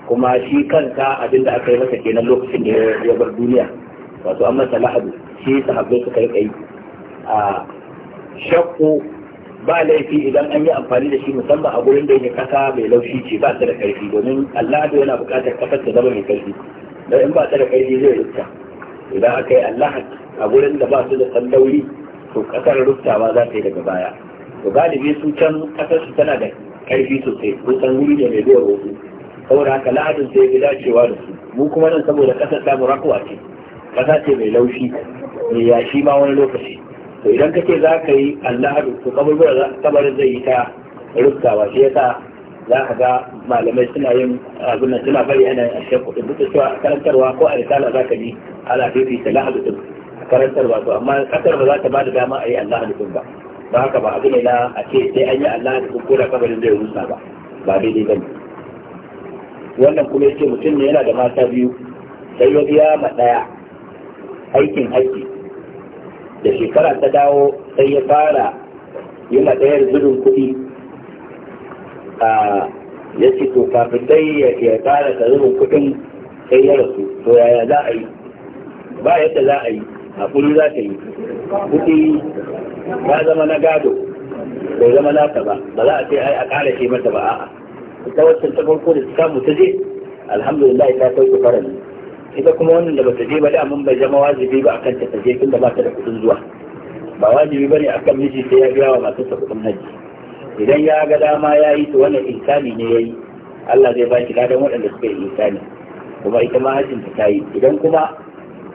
kuma shi kanka abin da aka yi masa kenan lokacin da ya bar duniya wato an masa lahadu shi sahabbai suka yi a shakku ba laifi idan an yi amfani da shi musamman a gurin da ya kasa mai laushi ce ba ta da karfi domin Allah yana buƙatar kafar ta zama mai karfi da in ba ta da karfi zai rufta idan aka yi Allah a gurin da ba su da sandauri to kasar ruftawa za ta yi daga baya to galibi su can kasar su tana da karfi sosai kusan wuri ne mai duwar wasu saboda haka lahadin sai ya dacewa da su mu kuma nan saboda kasar ta murakuwa ce kasa ce mai laushi mai yashi ma wani lokaci to idan ka ce za ka yi allahadu to kabarin zai yi ta rufkawa shi yasa za ka ga malamai suna yin abin nan suna bari ana a shekku din duk cewa karantarwa ko a risala za ka yi ala fi ta lahadu din karantarwa to amma kasar ba za ta ba da dama a yi allahu din ba ba haka ba abin ne na a ce sai an yi allahadu din ko da kabarin zai rusa ba ba daidai ba ne wannan kuma ya ce mutum ne yana da mata biyu sai ya biya ma ɗaya aikin haƙƙi da shekara ta dawo sai ya fara yi matsayar zubin kuɗi a ya ce to kafin dai ya fara ta zubin kuɗin sai ya rasu to yaya za a yi ba yadda za a yi A haƙuri za ta yi kuɗi ya zama na gado bai zama nata ba ba za a ce ai a ƙara shi mata ba a'a ta wacce ta farko da ta samu ta je alhamdulillah ta kai ku farani ita kuma wannan da bata je ba da mun bai zama wajibi ba akan ta je tunda ba ta da kuɗin zuwa ba wajibi bane akan miji sai ya biya wa matarsa kuɗin haji idan ya ga dama ya yi to wannan insani ne yayi Allah zai baki ladan waɗanda suka yi insani kuma ita ma hajjin ta yi idan kuma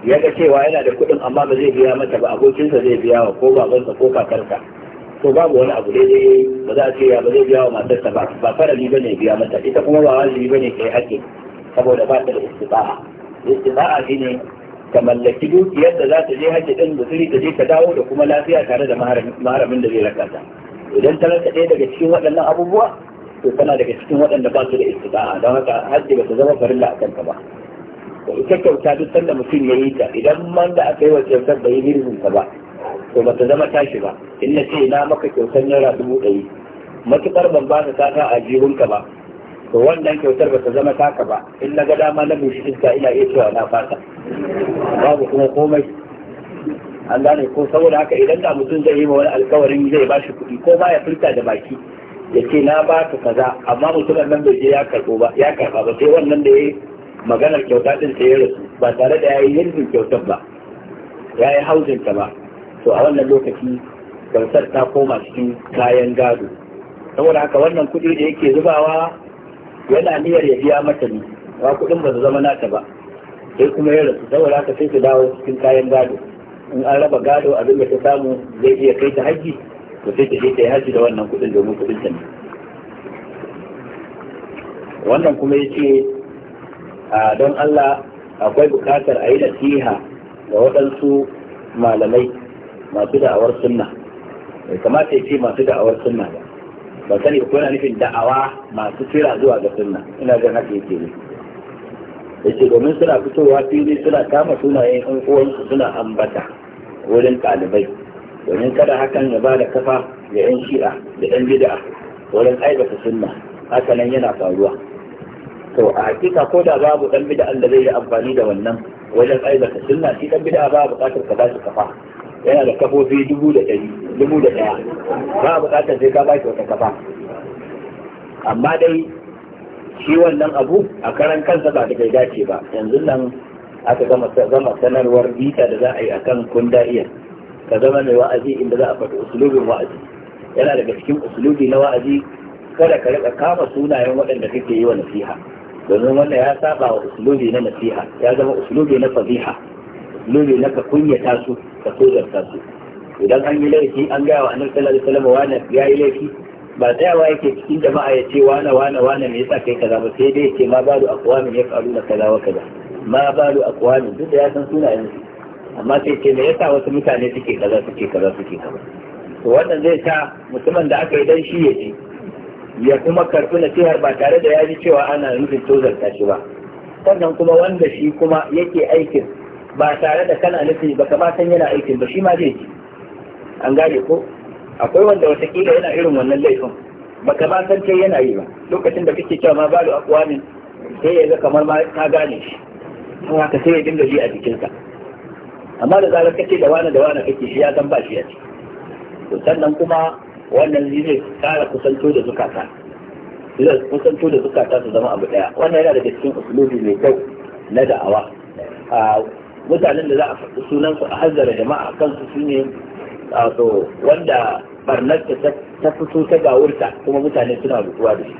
ya ga cewa yana da kuɗin amma ba zai biya mata ba abokinsa zai biya wa ko babansa ko kakarsa to babu wani abu dai-dai ba za a ce ya ba zai biya wa matarsa ba ba farali bane biya mata ita kuma ba wajibi bane kai haƙƙi saboda ba ta da istibaha istita'a shine ka mallaki dukiyar da za ta je hajji din guzuri ta je ka dawo da kuma lafiya tare da maharamin da zai raka ta idan ta rasa ɗaya daga cikin waɗannan abubuwa to tana daga cikin waɗanda ba su da istita'a don haka hajji ba ta zama da a ka ba to ita kyauta duk sanda mutum ya yi ta idan man da aka yi wa kyautar bai yi ta ba to ba ta zama tashi ba in na ce na maka kyautar naira dubu ɗari matuƙar ban ba ta ta a jihunka ba to wannan kyautar ba ta zama taka ba in na ga dama na bushe iska ina iya cewa na fata babu kuma komai an gane ko saboda haka idan da mutum zai yi wani alkawarin zai ba shi kuɗi ko ba ya furta da baki ya ce na ba ka kaza amma mutumin nan bai je ya karɓo ba ya karɓa ba sai wannan da ya maganar kyauta din sai ya rasu ba tare da ya yi kyautar ba ya yi haujin ta ba to a wannan lokaci kyautar ta koma cikin kayan gado saboda haka wannan kuɗi da yake zubawa yana niyyar ya biya mata ne ba kuɗin ba su zama nata ba sai kuma ya rasu saboda haka sai su dawo cikin kayan gado in an raba gado abin da ta samu zai iya kai ta hajji to sai ta je ta yi haji da wannan kuɗin domin kuɗin ta ne wannan kuma ya ce a don Allah akwai bukatar a yi nasiha ga waɗansu malamai masu da'awar sunna bai kamata ya ce masu da'awar sunna ba ba sani ko yana nufin da'awa masu kira zuwa ga sunna ina ga haka yake ne yace domin suna fitowa fili suna kama sunayen uwan uwansu suna ambata wurin ɗalibai domin kada hakan ya bada kafa ga 'yan shi'a da 'yan bid'a wurin aibata sunna hakanan yana faruwa to a hakika ko da babu ɗan bid'a da zai yi amfani da wannan wajen aibata sunna shi ɗan bid'a ba buƙatar ka ba shi kafa yana da kafofi dubu da ɗari dubu da ɗaya ba a buƙatar sai ka ba shi wata kafa amma dai shi wannan abu a karan kansa ba da bai dace ba yanzu nan aka gama sanarwar bita da za a yi a kunda iya. ka zama mai wa'azi inda za a faɗi usulubin wa'azi yana daga cikin usulubi na wa'azi kada ka rika kama sunayen waɗanda kake yi wa nasiha domin wannan ya saba wa usulubi na nasiha ya zama usulubi na fadiha lulu na ka kunyata su ka tozarta su idan an yi laifi an gaya wa annabi sallallahu alaihi wasallam wani ya yi laifi ba tsayawa yake cikin jama'a ya ce wani wani wani me yasa kai kaza ba sai dai ce ma balu aqwamin na kaza wa kaza ma balu aqwami duk da ya san sunayen su amma sai ce me yasa wasu mutane suke kaza suke kaza suke kaza to wannan zai sa musamman da aka yi dan shi ya ji ya kuma karɓi nasihar ba tare da ya ji cewa ana nufin tozarta shi ba sannan kuma wanda shi kuma yake aikin ba tare da kana nufi ba kama san yana aikin ba shi ma zai ji an gane ko akwai wanda watakila yana irin wannan laifin ba kama san ce yana yi ba lokacin da kake cewa ma balu akwamin sai ya ga kamar ma ka gane shi don haka sai ya dinga ji a jikinsa amma da zarar kake da wani da wani kake shi ya san ba shi a ciki to sannan kuma wannan zai kara kusanto da zukata zai kusanto da zukata su zama abu daya wannan yana daga cikin usulubi mai kyau na da'awa ah, mutanen da za a faɗi su a hanzara jama'a kansu su ne wanda barnar ta fito ta gawurta kuma mutane suna rutuwa da shi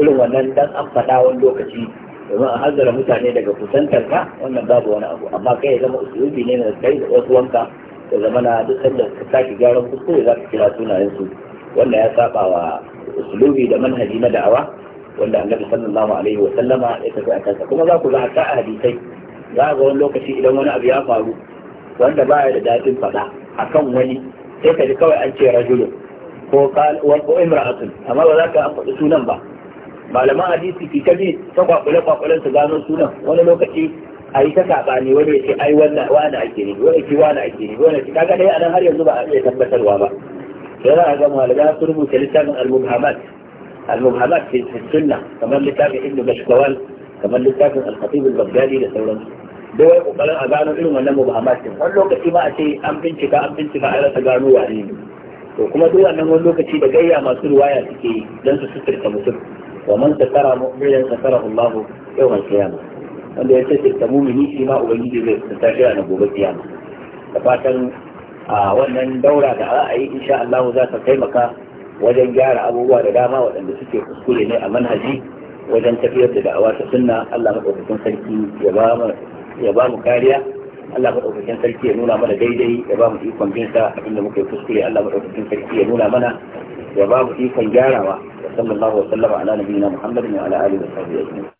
irin wannan dan an faɗa wani lokaci domin a hanzara mutane daga kusantar ka wannan babu wani abu amma kai ya zama usulubi ne na kai da wasu wanka da zama na duk sanda ka sake gyaran kuskure za ka kira sunayensu wanda ya saba wa usulubi da manhaji na da'awa wanda annabi sallallahu alaihi wa sallama ya tafi a kansa kuma za ku za hatta a hadisai za ga wani lokaci idan wani abu ya faru wanda baya da daɗin faɗa akan wani sai ka ji kawai an ce rajulun ko ko imra'atun amma ba za ka an faɗi sunan ba malaman hadisi ki kabi ta kwakwale kwakwalen su gano sunan wani lokaci a yi ta saɓani wani ce ai wannan wani ake ne wani ki wani ake ne wani ki kaga dai anan har yanzu ba a iya tabbatarwa ba sai za a ga malaman sun rubuta littafin al-mubhamat al-mubhamat fi sunna kamar littafin ibnu bashkawal kamar littafin al-khatib al-baghdadi da sauransu da wai kokarin a gano irin wannan mubahamatin wani lokaci ma a ce an bincika an bincika a rasa gano wane ne to kuma duk wannan wani lokaci da gayya masu ruwaya suke yi don su suturta mutum wa man satara mu'minan satarahu Allahu yawmal qiyamah wanda ya suturta mu'mini shi ma ubangiji zai suturta shi a gobe kiyama da fatan a wannan daura da a yi insha Allah za ta taimaka wajen gyara abubuwa da dama waɗanda suke kuskure ne a manhaji wajen tafiyar da da'awa ta sunna Allah maɗaukakin sarki ya ba ya ba mu kariya Allah maɗaukakin sarki ya nuna mana daidai ya ba mu ikon bin sa abinda muka kuskure Allah maɗaukakin sarki ya nuna mana ya ba mu ikon gyarawa sallallahu alaihi wa sallama ala nabiyina Muhammadin wa ala alihi wa sahbihi ajma'in